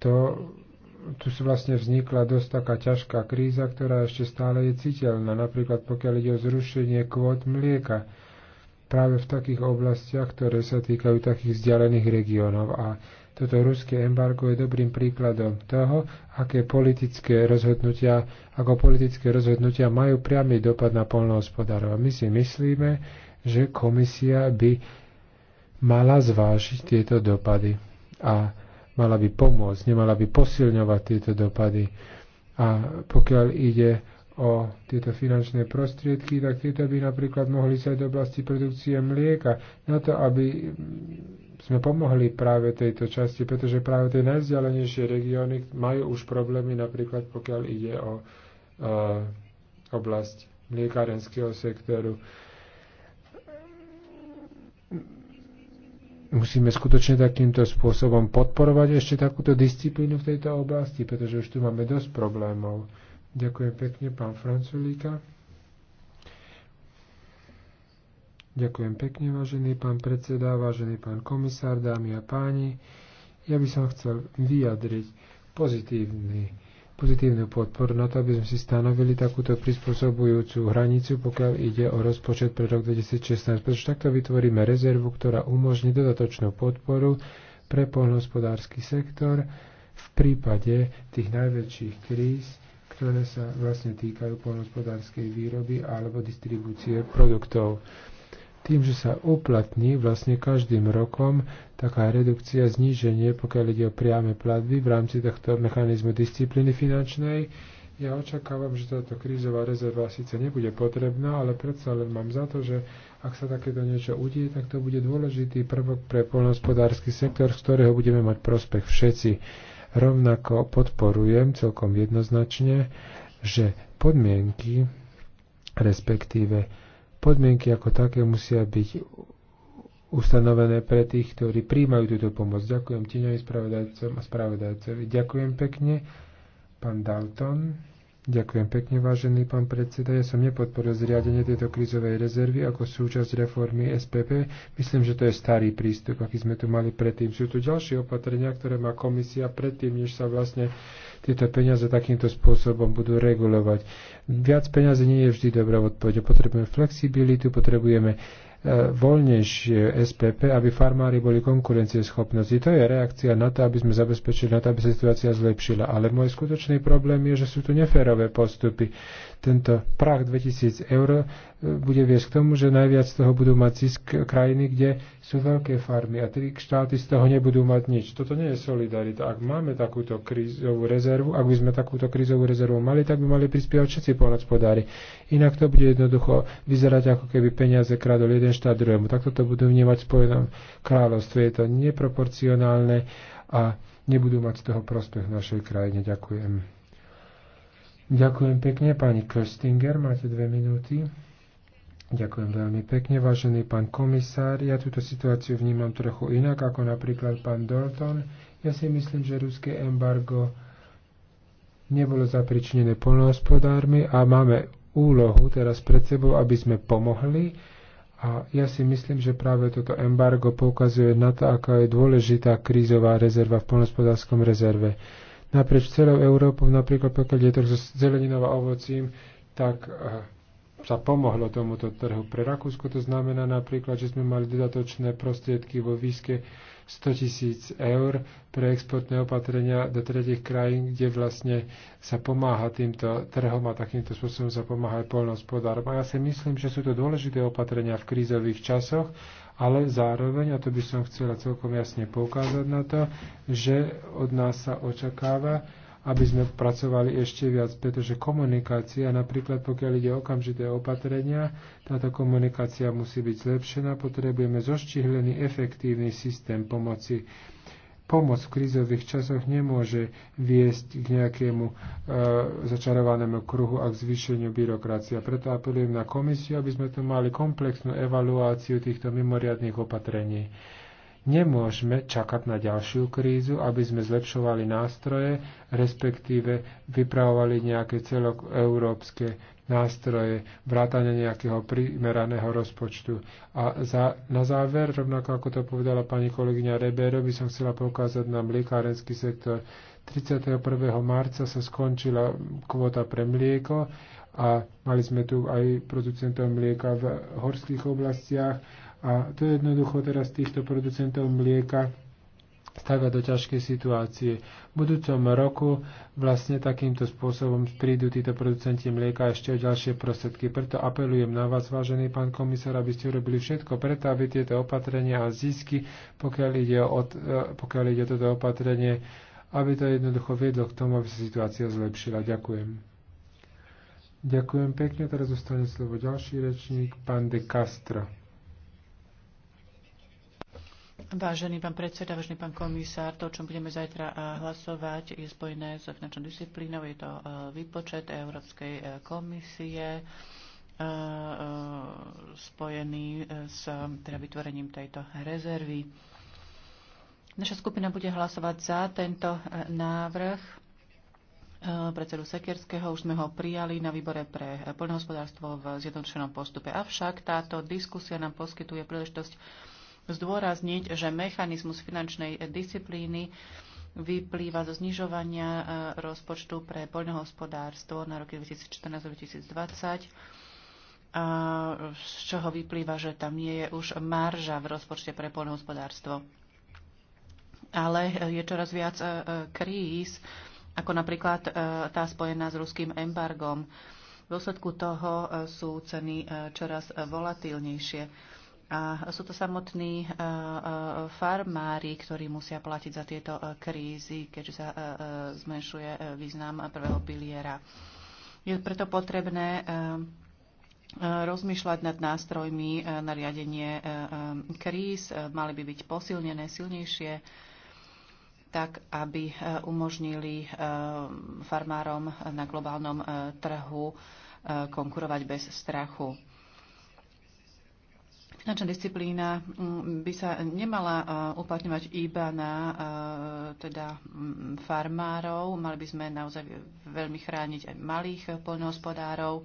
to tu vlastne vznikla dosť taká ťažká kríza, ktorá ešte stále je citeľná, napríklad pokiaľ ide o zrušenie kvót mlieka práve v takých oblastiach, ktoré sa týkajú takých vzdialených regiónov. A toto ruské embargo je dobrým príkladom toho, aké politické rozhodnutia, ako politické rozhodnutia majú priamy dopad na polnohospodárov. A my si myslíme, že komisia by mala zvážiť tieto dopady a mala by pomôcť, nemala by posilňovať tieto dopady. A pokiaľ ide o tieto finančné prostriedky, tak tieto by napríklad mohli sa aj do oblasti produkcie mlieka, na to, aby sme pomohli práve tejto časti, pretože práve tie najvzdialenejšie regióny majú už problémy, napríklad pokiaľ ide o e, oblasť mliekárenského sektoru. musíme skutočne takýmto spôsobom podporovať ešte takúto disciplínu v tejto oblasti, pretože už tu máme dosť problémov. Ďakujem pekne, pán Franculíka. Ďakujem pekne, vážený pán predseda, vážený pán komisár, dámy a páni. Ja by som chcel vyjadriť pozitívny, pozitívnu podporu na to, aby sme si stanovili takúto prispôsobujúcu hranicu, pokiaľ ide o rozpočet pre rok 2016, pretože takto vytvoríme rezervu, ktorá umožní dodatočnú podporu pre poľnohospodársky sektor v prípade tých najväčších kríz, ktoré sa vlastne týkajú poľnohospodárskej výroby alebo distribúcie produktov. Tým, že sa uplatní vlastne každým rokom taká redukcia, zníženie, pokiaľ ide o priame platby v rámci tohto mechanizmu disciplíny finančnej, ja očakávam, že táto krízová rezerva síce nebude potrebná, ale predsa len mám za to, že ak sa takéto niečo udie, tak to bude dôležitý prvok pre poľnohospodársky sektor, z ktorého budeme mať prospech všetci. Rovnako podporujem celkom jednoznačne, že podmienky, respektíve podmienky ako také musia byť ustanovené pre tých, ktorí príjmajú túto pomoc. Ďakujem tieňovým spravodajcom a spravodajcovi. Ďakujem pekne, pán Dalton. Ďakujem pekne, vážený pán predseda. Ja som nepodporil zriadenie tejto krízovej rezervy ako súčasť reformy SPP. Myslím, že to je starý prístup, aký sme tu mali predtým. Sú tu ďalšie opatrenia, ktoré má komisia predtým, než sa vlastne tieto peniaze takýmto spôsobom budú regulovať. Viac peniazy nie je vždy dobrá odpoveď. Potrebujeme flexibilitu, potrebujeme voľnejšie SPP, aby farmári boli konkurencieschopnosti. To je reakcia na to, aby sme zabezpečili, na to, aby sa situácia zlepšila. Ale môj skutočný problém je, že sú tu neférové postupy tento prach 2000 eur e, bude viesť k tomu, že najviac z toho budú mať zisk krajiny, kde sú veľké farmy a tri štáty z toho nebudú mať nič. Toto nie je solidarita. Ak máme takúto krízovú rezervu, ak by sme takúto krízovú rezervu mali, tak by mali prispievať všetci polnospodári. Inak to bude jednoducho vyzerať, ako keby peniaze kradol jeden štát druhému. Takto to budú vnímať v Spojenom kráľovstve. Je to neproporcionálne a nebudú mať z toho prospech v našej krajine. Ďakujem. Ďakujem pekne, pani Köstinger, máte dve minúty. Ďakujem veľmi pekne, vážený pán komisár. Ja túto situáciu vnímam trochu inak, ako napríklad pán Dalton. Ja si myslím, že ruské embargo nebolo zapričinené polnohospodármi a máme úlohu teraz pred sebou, aby sme pomohli. A ja si myslím, že práve toto embargo poukazuje na to, aká je dôležitá krízová rezerva v polnohospodárskom rezerve naprieč celou Európou, napríklad pokiaľ je trh so zeleninou a ovocím, tak eh, sa pomohlo tomuto trhu. Pre Rakúsko to znamená napríklad, že sme mali dodatočné prostriedky vo výške 100 tisíc eur pre exportné opatrenia do tretich krajín, kde vlastne sa pomáha týmto trhom a takýmto spôsobom sa pomáha aj polnohospodárom. A ja si myslím, že sú to dôležité opatrenia v krízových časoch ale zároveň, a to by som chcela celkom jasne poukázať na to, že od nás sa očakáva, aby sme pracovali ešte viac, pretože komunikácia, napríklad pokiaľ ide o okamžité opatrenia, táto komunikácia musí byť zlepšená, potrebujeme zoštihlený, efektívny systém pomoci pomoc v krízových časoch nemôže viesť k nejakému e, začarovanému kruhu a k zvýšeniu byrokracie. Preto apelujem na komisiu, aby sme tu mali komplexnú evaluáciu týchto mimoriadných opatrení. Nemôžeme čakať na ďalšiu krízu, aby sme zlepšovali nástroje, respektíve vypravovali nejaké celoeurópske nástroje, vrátane nejakého primeraného rozpočtu. A za, na záver, rovnako ako to povedala pani kolegyňa Rebero, by som chcela poukázať na mliekárenský sektor. 31. marca sa skončila kvota pre mlieko a mali sme tu aj producentov mlieka v horských oblastiach a to je jednoducho teraz týchto producentov mlieka stavia do ťažkej situácie. V budúcom roku vlastne takýmto spôsobom prídu títo producenti mlieka ešte o ďalšie prostriedky. Preto apelujem na vás, vážený pán komisár, aby ste urobili všetko preto, aby tieto opatrenia a zisky, pokiaľ ide o, e, pokiaľ ide o toto opatrenie, aby to jednoducho viedlo k tomu, aby sa situácia zlepšila. Ďakujem. Ďakujem pekne. Teraz zostane slovo ďalší rečník, pán de Castro. Vážený pán predseda, vážený pán komisár, to, o čom budeme zajtra eh, hlasovať, je spojené s finančnou disciplínou. Je to eh, výpočet Európskej eh, komisie spojený s teda vytvorením tejto rezervy. Naša skupina bude hlasovať za tento návrh predsedu Sekerského. Už sme ho prijali na výbore pre poľnohospodárstvo v zjednodušenom postupe. Avšak táto diskusia nám poskytuje príležitosť zdôrazniť, že mechanizmus finančnej disciplíny vyplýva zo znižovania e, rozpočtu pre poľnohospodárstvo na roky 2014-2020, z čoho vyplýva, že tam nie je už marža v rozpočte pre poľnohospodárstvo. Ale je čoraz viac e, e, kríz, ako napríklad tá spojená s ruským embargom. V dôsledku toho sú ceny čoraz volatilnejšie. A sú to samotní e, e, farmári, ktorí musia platiť za tieto e, krízy, keďže sa zmenšuje význam prvého piliera. Je preto potrebné rozmýšľať nad nástrojmi na riadenie kríz. Mali by byť posilnené, silnejšie tak, aby umožnili farmárom na globálnom trhu konkurovať bez strachu. Finančná disciplína mm, by sa nemala e, uplatňovať iba na e, teda mm, farmárov. Mali by sme naozaj veľmi chrániť aj malých poľnohospodárov e,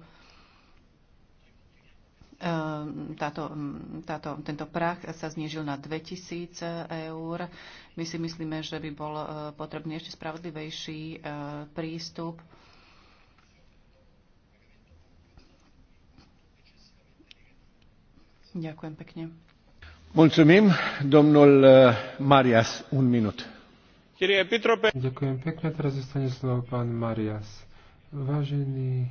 táto, mm, táto, tento prach sa znížil na 2000 eur. My si myslíme, že by bol potrebný ešte spravodlivejší prístup Ďakujem pekne. Mulțumim, domnul uh, Marias, un minut. Ďakujem pekne, teraz zostane slovo pán Marias. Vážený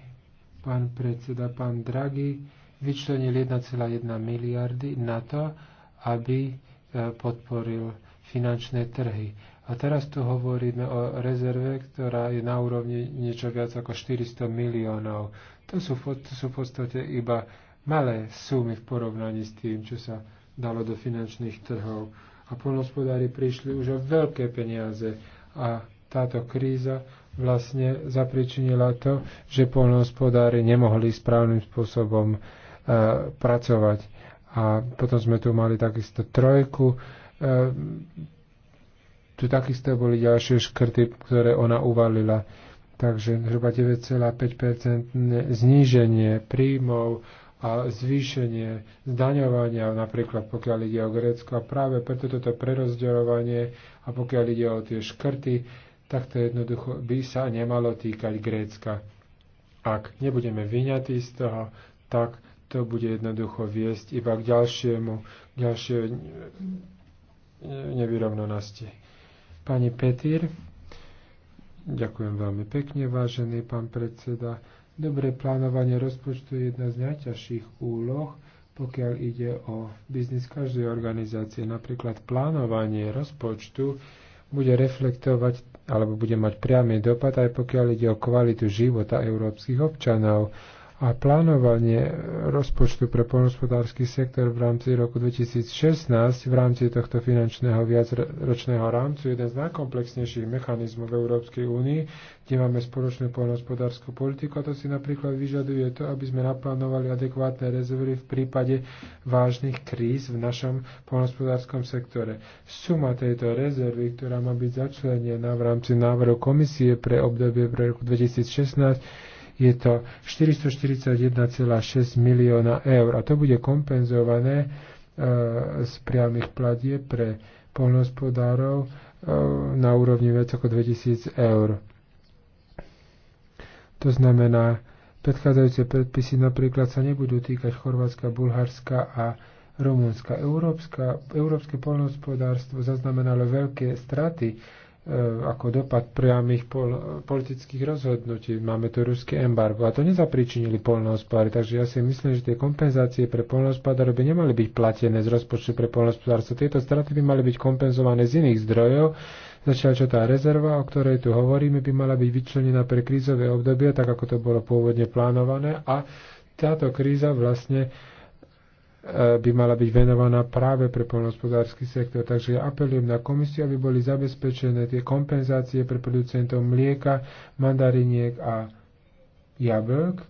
pán predseda, pán Draghi vyčlenil 1,1 miliardy na to, aby uh, podporil finančné trhy. A teraz tu hovoríme o rezerve, ktorá je na úrovni niečo viac ako 400 miliónov. To sú, to sú v podstate iba malé sumy v porovnaní s tým, čo sa dalo do finančných trhov. A polnospodári prišli už o veľké peniaze a táto kríza vlastne zapričinila to, že polnospodári nemohli správnym spôsobom e, pracovať. A potom sme tu mali takisto trojku, e, tu takisto boli ďalšie škrty, ktoré ona uvalila. Takže zhruba 9,5% zníženie príjmov a zvýšenie zdaňovania, napríklad pokiaľ ide o Grécko. A práve preto toto prerozdeľovanie a pokiaľ ide o tie škrty, tak to jednoducho by sa nemalo týkať Grécka. Ak nebudeme vyňatí z toho, tak to bude jednoducho viesť iba k ďalšiemu, k ďalšej nevyrovnanosti. Pani Petír, ďakujem veľmi pekne, vážený pán predseda. Dobré plánovanie rozpočtu je jedna z najťažších úloh, pokiaľ ide o biznis každej organizácie. Napríklad plánovanie rozpočtu bude reflektovať alebo bude mať priamy dopad aj pokiaľ ide o kvalitu života európskych občanov a plánovanie rozpočtu pre polnospodársky sektor v rámci roku 2016 v rámci tohto finančného viacročného rámcu jeden z najkomplexnejších mechanizmov v Európskej únii, kde máme spoločnú polnospodárskú politiku a to si napríklad vyžaduje to, aby sme naplánovali adekvátne rezervy v prípade vážnych kríz v našom polnospodárskom sektore. Suma tejto rezervy, ktorá má byť začlenená v rámci návrhu komisie pre obdobie pre roku 2016, je to 441,6 milióna eur. A to bude kompenzované e, z priamých platie pre polnospodárov e, na úrovni viac ako 2000 eur. To znamená, predchádzajúce predpisy napríklad sa nebudú týkať Chorvátska, Bulharska a Rumunska. Európska, európske polnohospodárstvo zaznamenalo veľké straty E, ako dopad priamých pol, politických rozhodnutí. Máme tu ruské embargo a to nezapričinili polnohospodári, takže ja si myslím, že tie kompenzácie pre polnohospodárov by nemali byť platené z rozpočtu pre polnohospodárstvo. Tieto straty by mali byť kompenzované z iných zdrojov, zatiaľ čo tá rezerva, o ktorej tu hovoríme, by mala byť vyčlenená pre krízové obdobie, tak ako to bolo pôvodne plánované a táto kríza vlastne Eh, by mala byť venovaná práve pre poľnohospodársky sektor. Takže ja apelujem na komisiu, aby boli zabezpečené tie kompenzácie pre producentov mlieka, mandariniek a jablk.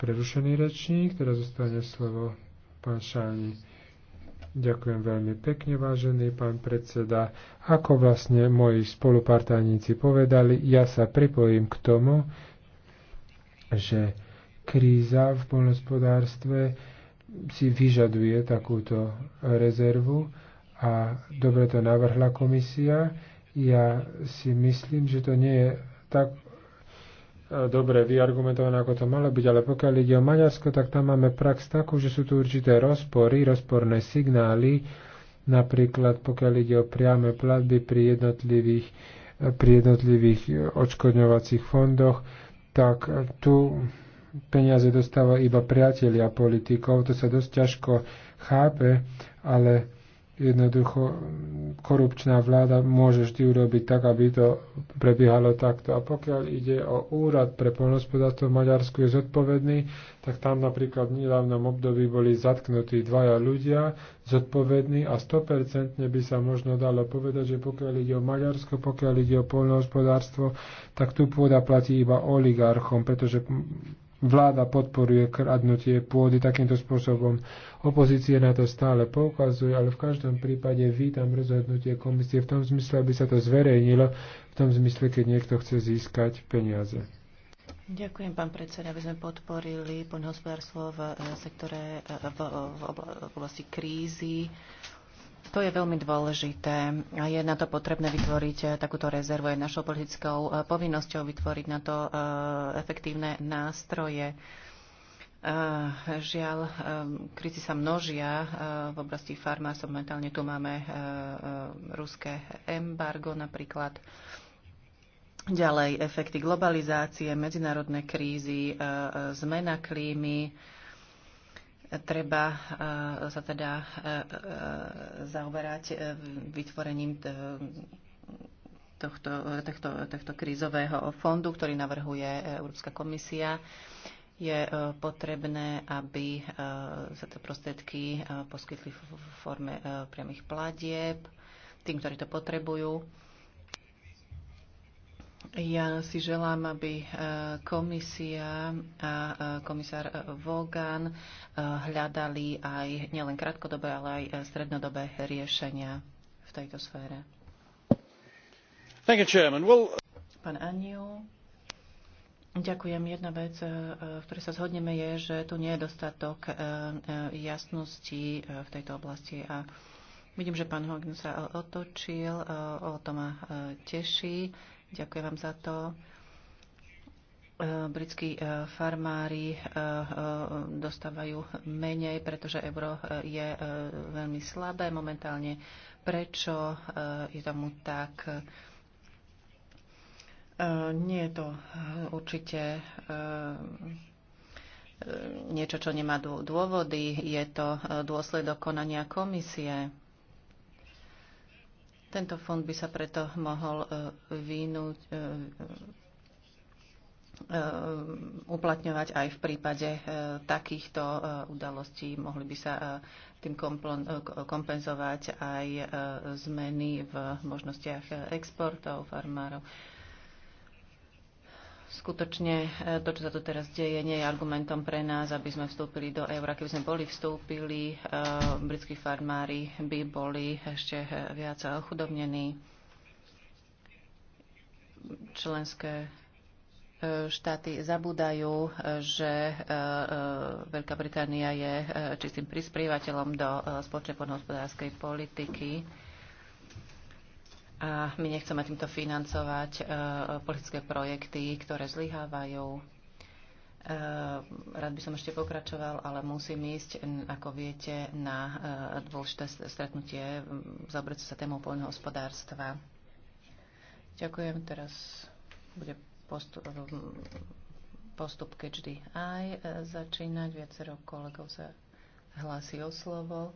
Prerušený rečník, teraz zostane slovo pán Šáni. Ďakujem veľmi pekne, vážený pán predseda. Ako vlastne moji spolupartajníci povedali, ja sa pripojím k tomu, že kríza v poľnospodárstve si vyžaduje takúto rezervu a dobre to navrhla komisia. Ja si myslím, že to nie je tak e, dobre vyargumentované, ako to malo byť, ale pokiaľ ide o Maďarsko, tak tam máme prax takú, že sú tu určité rozpory, rozporné signály, napríklad pokiaľ ide o priame platby pri jednotlivých, pri jednotlivých odškodňovacích fondoch, tak tu peniaze dostáva iba priatelia politikov. To sa dosť ťažko chápe, ale jednoducho korupčná vláda môže vždy urobiť tak, aby to prebiehalo takto. A pokiaľ ide o úrad pre poľnohospodárstvo v Maďarsku je zodpovedný, tak tam napríklad v nedávnom období boli zatknutí dvaja ľudia zodpovední a 100% by sa možno dalo povedať, že pokiaľ ide o Maďarsko, pokiaľ ide o poľnohospodárstvo, tak tu pôda platí iba oligarchom, pretože vláda podporuje kradnutie pôdy takýmto spôsobom. Opozície na to stále poukazuje, ale v každom prípade vítam rozhodnutie komisie v tom zmysle, aby sa to zverejnilo, v tom zmysle, keď niekto chce získať peniaze. Ďakujem, pán predseda, aby sme podporili poľnohospodárstvo v eh, sektore eh, v, v oblasti krízy. To je veľmi dôležité a je na to potrebné vytvoriť eh, takúto rezervu. Je našou politickou eh, povinnosťou vytvoriť na to eh, efektívne nástroje. Žiaľ, kryci sa množia v oblasti farmárstva. Momentálne tu máme ruské embargo napríklad. Ďalej efekty globalizácie, medzinárodné krízy, zmena klímy, Treba e, sa teda e, e, zaoberať vytvorením tohto, tohto, tohto krízového fondu, ktorý navrhuje Európska komisia. Je potrebné, aby sa tie prostriedky poskytli v forme priamých platieb tým, ktorí to potrebujú ja si želám, aby e, komisia a e, komisár e, Vogan hľadali aj nielen krátkodobé, ale aj strednodobé riešenia v tejto sfére. Thank you, Chairman. Well... Pán Aniu, ďakujem. Jedna vec, v ktorej sa zhodneme, je, že tu nie je dostatok jasnosti v tejto oblasti a Vidím, že pán Hogan sa otočil, o to ma teší. Ďakujem vám za to e, britskí e, farmári e, dostávajú menej, pretože euro je veľmi slabé momentálne. Prečo je tomu tak? Nie je to určite niečo, čo nemá dôvody. Je to dôsledok konania komisie. Tento fond by sa preto mohol e, vynúť, e, e, uplatňovať aj v prípade takýchto udalostí. Mohli by sa tým kompenzovať aj zmeny v možnostiach exportov farmárov skutočne e, to, čo sa tu teraz deje, nie je argumentom pre nás, aby sme vstúpili do eura. Keby sme boli vstúpili, e, britskí farmári by boli ešte e, viac ochudobnení. Členské štáty zabúdajú, že Veľká Británia je čistým prispievateľom do spoločnej poľnohospodárskej politiky a my nechceme týmto financovať e, politické projekty, ktoré zlyhávajú. E, rád by som ešte pokračoval, ale musím ísť, ako viete, na e, dôležité stretnutie zaobrať sa témou poľnohospodárstva. Ďakujem. Teraz bude postup, postup aj začínať. Viacero kolegov sa hlási o slovo.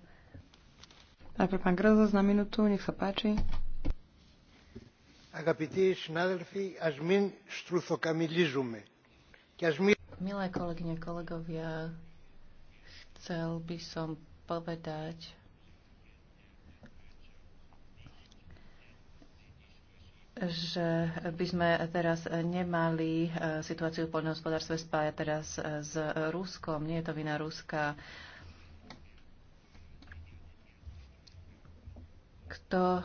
Najprv pán Grozo na minútu, nech sa páči. Milé kolegyne, kolegovia, chcel by som povedať, že by sme teraz nemali e, situáciu v poľnohospodárstve spájať teraz e, s Ruskom. Nie je to vina Ruska Kto e,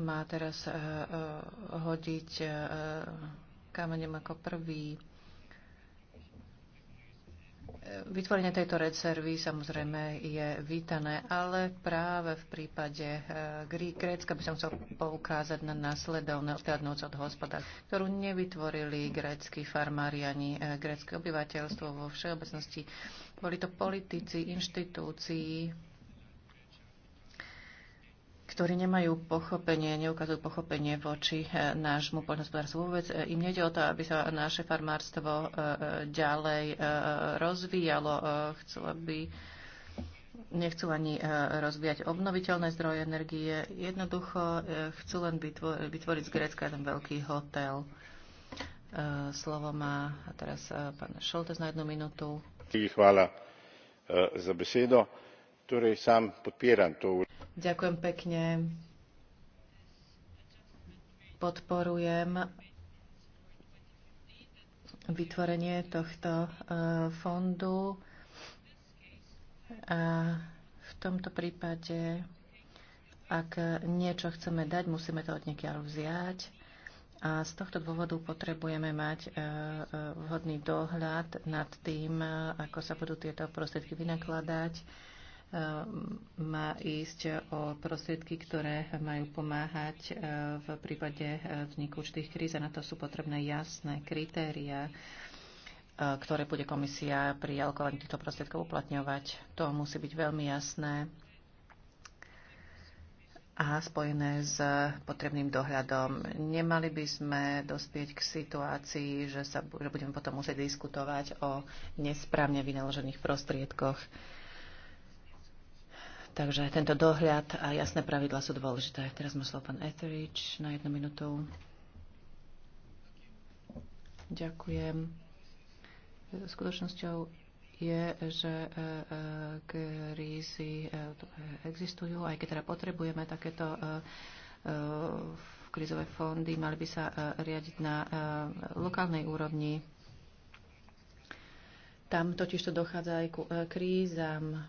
má teraz e, e, hodiť kamenem ako prvý? Vytvorenie tejto rezervy samozrejme je vítané, ale práve v prípade Grécka by som chcel poukázať na následovné odkladnúc od hospodár, ktorú nevytvorili grécky farmári ani grécké obyvateľstvo vo všeobecnosti. Boli to politici, inštitúcii, ktorí nemajú pochopenie, neukazujú pochopenie voči e, nášmu poľnohospodárstvu. Vôbec e, im nejde o to, aby sa naše farmárstvo e, ďalej rozvíjalo. Chcú, aby nechcú ani rozvíjať obnoviteľné zdroje energie. Jednoducho chcú len vytvoriť, z Grécka ten veľký hotel. Slovo má a teraz pán Šoltes na jednu minútu. Hvala za besedo. Torej, sám podpieram to Ďakujem pekne. Podporujem vytvorenie tohto e, fondu. A v tomto prípade, ak niečo chceme dať, musíme to od niekiaľ vziať. A z tohto dôvodu potrebujeme mať e, e, vhodný dohľad nad tým, ako sa budú tieto prostriedky vynakladať Ehm, má ísť o prostriedky, ktoré majú pomáhať ehm, v prípade ehm, vzniku určitých kríz a na to sú potrebné jasné kritéria, ktoré bude komisia pri alkovaní týchto prostriedkov uplatňovať. To musí byť veľmi jasné a spojené s potrebným dohľadom. Nemali by sme dospieť k situácii, že, sa, že budeme potom musieť diskutovať o nesprávne vynaložených prostriedkoch. Takže tento dohľad a jasné pravidla sú dôležité. Teraz má slovo pán Etheridge na jednu minútu. Ďakujem. Skutočnosťou je, že eh, eh, krízy eh, existujú, aj keď teda potrebujeme takéto krízové fondy, mali by sa riadiť na lokálnej úrovni. Tam totiž to dochádza aj ku krízam.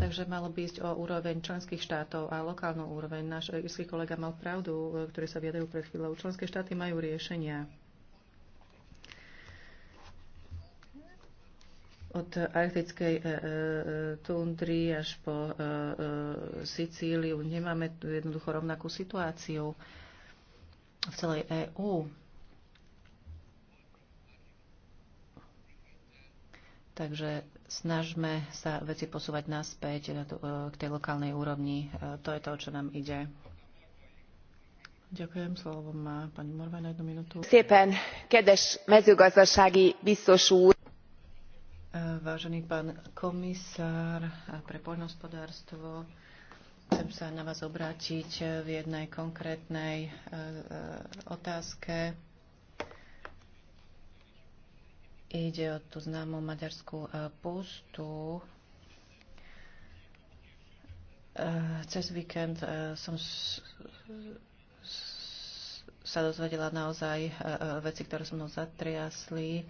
Takže malo by ísť o úroveň členských štátov a lokálnu úroveň. Náš irský kolega mal pravdu, e, ktorý sa vyjadril pred chvíľou. Členské štáty majú riešenia. Od arktickej e, e, tundry až po Sicíliu nemáme jednoducho rovnakú situáciu v celej EÚ Takže snažme sa veci posúvať naspäť e, k tej lokálnej úrovni. E, to je to, čo nám ide. Ďakujem, slovo má pani Morvaj na jednu minútu. Siepen, kedves mezőgazdasági biztos úr. E, vážený pán komisár pre poľnohospodárstvo, chcem sa na vás obrátiť v jednej konkrétnej otázke Ide o tú známú maďarskú e, pustu. E, cez víkend e, som sa dozvedela naozaj veci, ktoré som mnou zatriasli.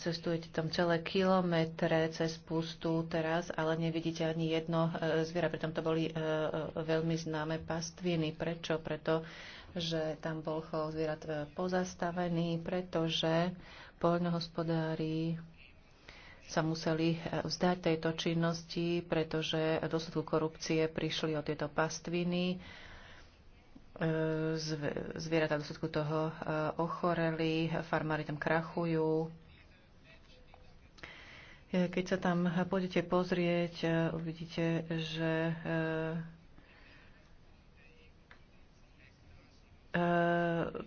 Cestujete tam celé kilometre cez pustu teraz, ale nevidíte ani jedno zviera. Pritom to boli veľmi známe pastviny. Prečo? Preto, že tam bol chov zvierat e, pozastavený, pretože poľnohospodári sa museli e, vzdať tejto činnosti, pretože v dôsledku korupcie prišli o tieto pastviny. E, zvieratá v dôsledku toho ochoreli, farmári tam krachujú. Keď sa tam pôjdete pozrieť, uvidíte, že Eh,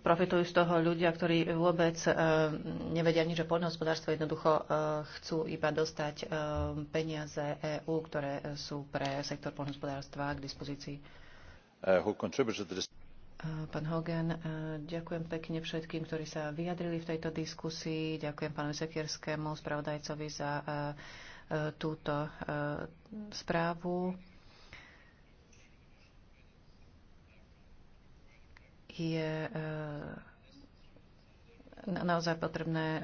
profitujú z toho ľudia, ktorí vôbec eh, nevedia nič že poľnohospodárstvo jednoducho eh, chcú iba dostať peniaze EÚ, ktoré sú pre sektor poľnohospodárstva k dispozícii. Pán Hogan, ďakujem pekne všetkým, ktorí sa vyjadrili v tejto diskusii. Ďakujem pánu Sekierskému, spravodajcovi za túto správu. je e, naozaj potrebné e,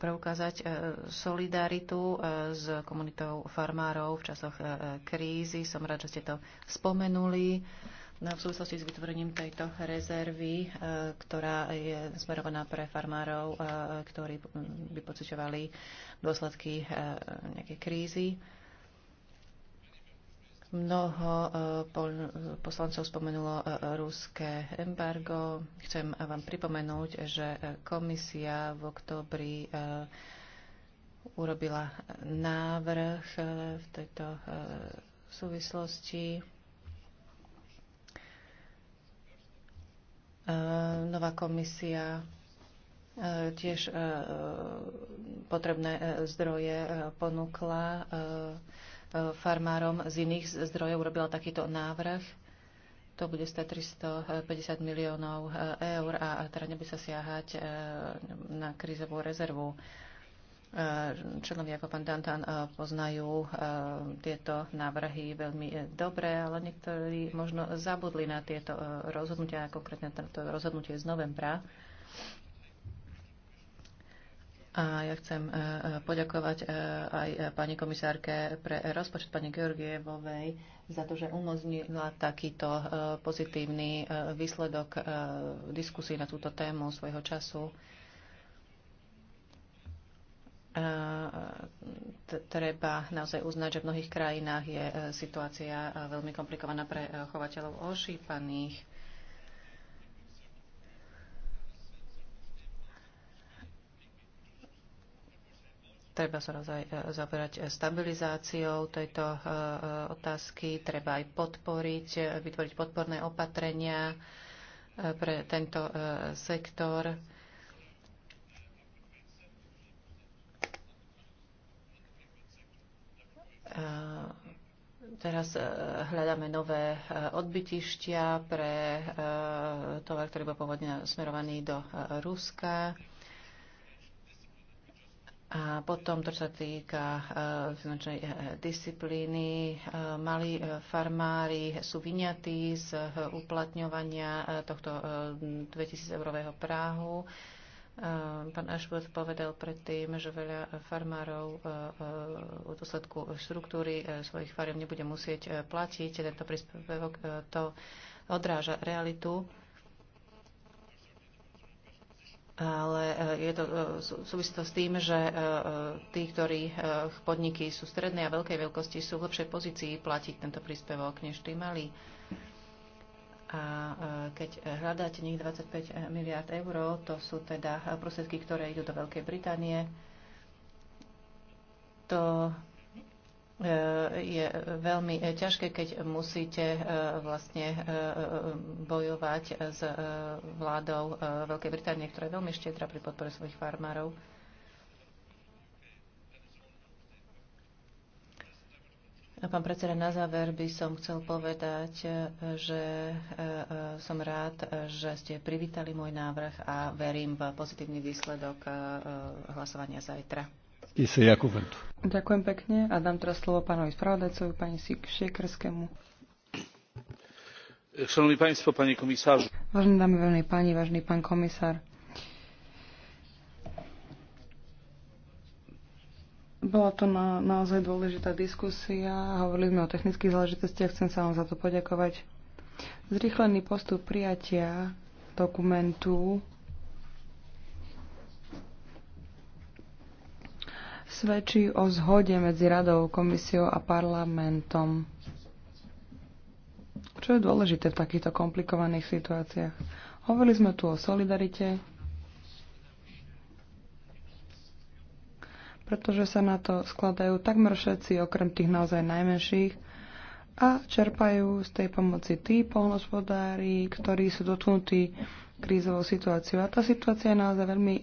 preukázať e, solidaritu s komunitou farmárov v časoch krízy. Som rád, že ste to spomenuli no, v súvislosti s vytvorením tejto rezervy, ktorá je smerovaná pre farmárov, ktorí by pociťovali dôsledky nejakej krízy. Mnoho e, poslancov spomenulo e, ruské embargo. Chcem vám pripomenúť, že e, komisia v oktobri urobila návrh v tejto súvislosti. Nová komisia tiež potrebné zdroje ponúkla farmárom z iných zdrojov urobila takýto návrh. To bude stať 350 miliónov eh, eur a teda nebude sa siahať eh, na krízovú rezervu. Eh, členovia ako pán Dantan poznajú tieto návrhy veľmi dobre, ale niektorí možno zabudli na tieto rozhodnutia, konkrétne to rozhodnutie z novembra, a ja chcem e, e, poďakovať e, aj pani komisárke pre rozpočet pani Georgievovej za to, že umožnila takýto pozitívny výsledok diskusí na túto tému svojho času. Treba naozaj uznať, že v mnohých krajinách je situácia veľmi komplikovaná pre chovateľov ošípaných Treba sa naozaj e, zaoberať e, stabilizáciou tejto e, otázky, treba aj podporiť, vytvoriť podporné opatrenia pre tento sektor. Teraz hľadáme nové odbytištia pre tovar, ktorý bol pôvodne smerovaný do Ruska. A potom to, čo sa týka e, finančnej e, disciplíny, e, mali farmári sú vyňatí z uplatňovania tohto 2000-eurového práhu. Pán Ashworth povedal predtým, že veľa farmárov v dôsledku štruktúry svojich fariem nebude musieť platiť. Tento príspevok to odráža realitu ale e, je to, e, súvisí to s tým, že e, tí, ktorí podniky sú strednej a veľkej veľkosti, sú v lepšej pozícii platiť tento príspevok než tí malí. A keď hľadáte nich 25 miliard eur, to sú teda prostriedky, ktoré idú do Veľkej Británie, to E, je veľmi ťažké, keď musíte e, vlastne e, bojovať s vládou Veľkej Británie, ktorá je veľmi štedrá pri podpore svojich farmárov. Pán predseda, na záver by som chcel povedať, že som rád, že ste privítali môj návrh a verím v pozitívny výsledok hlasovania zajtra. Tisej Jakubentu. Ďakujem pekne a dám teraz slovo pánovi spravodajcovi, pani Siekierskému. Szanowni pánstvo, pani komisár. Vážené dámy, veľmi páni, vážený pán komisár. Bola to na, naozaj dôležitá diskusia, hovorili sme o technických záležitostiach, chcem sa vám za to poďakovať. Zrýchlený postup prijatia dokumentu svedčí o zhode medzi radou, komisiou a parlamentom. Čo je dôležité v takýchto komplikovaných situáciách? Hovorili sme tu o solidarite, pretože sa na to skladajú takmer všetci, okrem tých naozaj najmenších, a čerpajú z tej pomoci tí polnospodári, ktorí sú dotknutí krízovou situáciou. A tá situácia je naozaj veľmi e,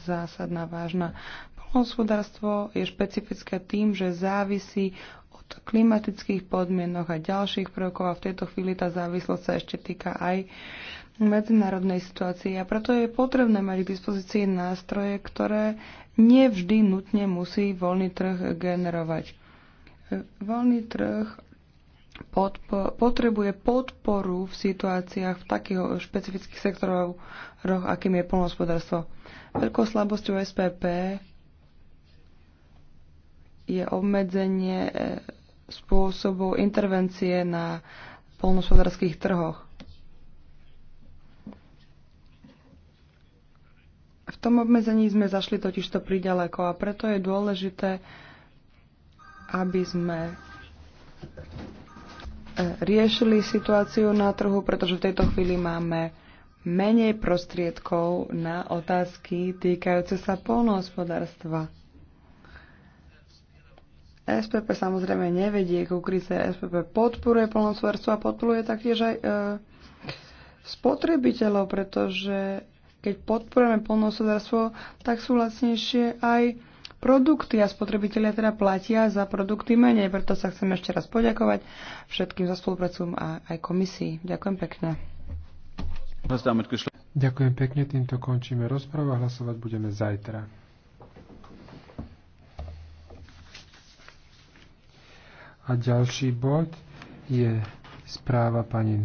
zásadná, vážna. Hospodárstvo je špecifické tým, že závisí od klimatických podmienok a ďalších prvkov a v tejto chvíli tá závislosť sa ešte týka aj medzinárodnej situácii a preto je potrebné mať k dispozícii nástroje, ktoré nevždy nutne musí voľný trh generovať. Voľný trh podpo- potrebuje podporu v situáciách v takých špecifických sektoroch, akým je polnohospodárstvo. Veľkou slabosťou SPP je obmedzenie e, spôsobov intervencie na polnospodárských trhoch. V tom obmedzení sme zašli totiž to priďaleko a preto je dôležité, aby sme e, riešili situáciu na trhu, pretože v tejto chvíli máme menej prostriedkov na otázky týkajúce sa polnohospodárstva. SPP samozrejme nevedie k ukryte. SPP podporuje plnospodárstvo a podporuje taktiež aj e, spotrebiteľov, pretože keď podporujeme plnospodárstvo, tak sú lacnejšie aj produkty a spotrebitelia teda platia za produkty menej. Preto sa chcem ešte raz poďakovať všetkým za spoluprácu a aj komisii. Ďakujem pekne. Ďakujem pekne, týmto končíme rozprávu a hlasovať budeme zajtra. A ďalší bod je správa pani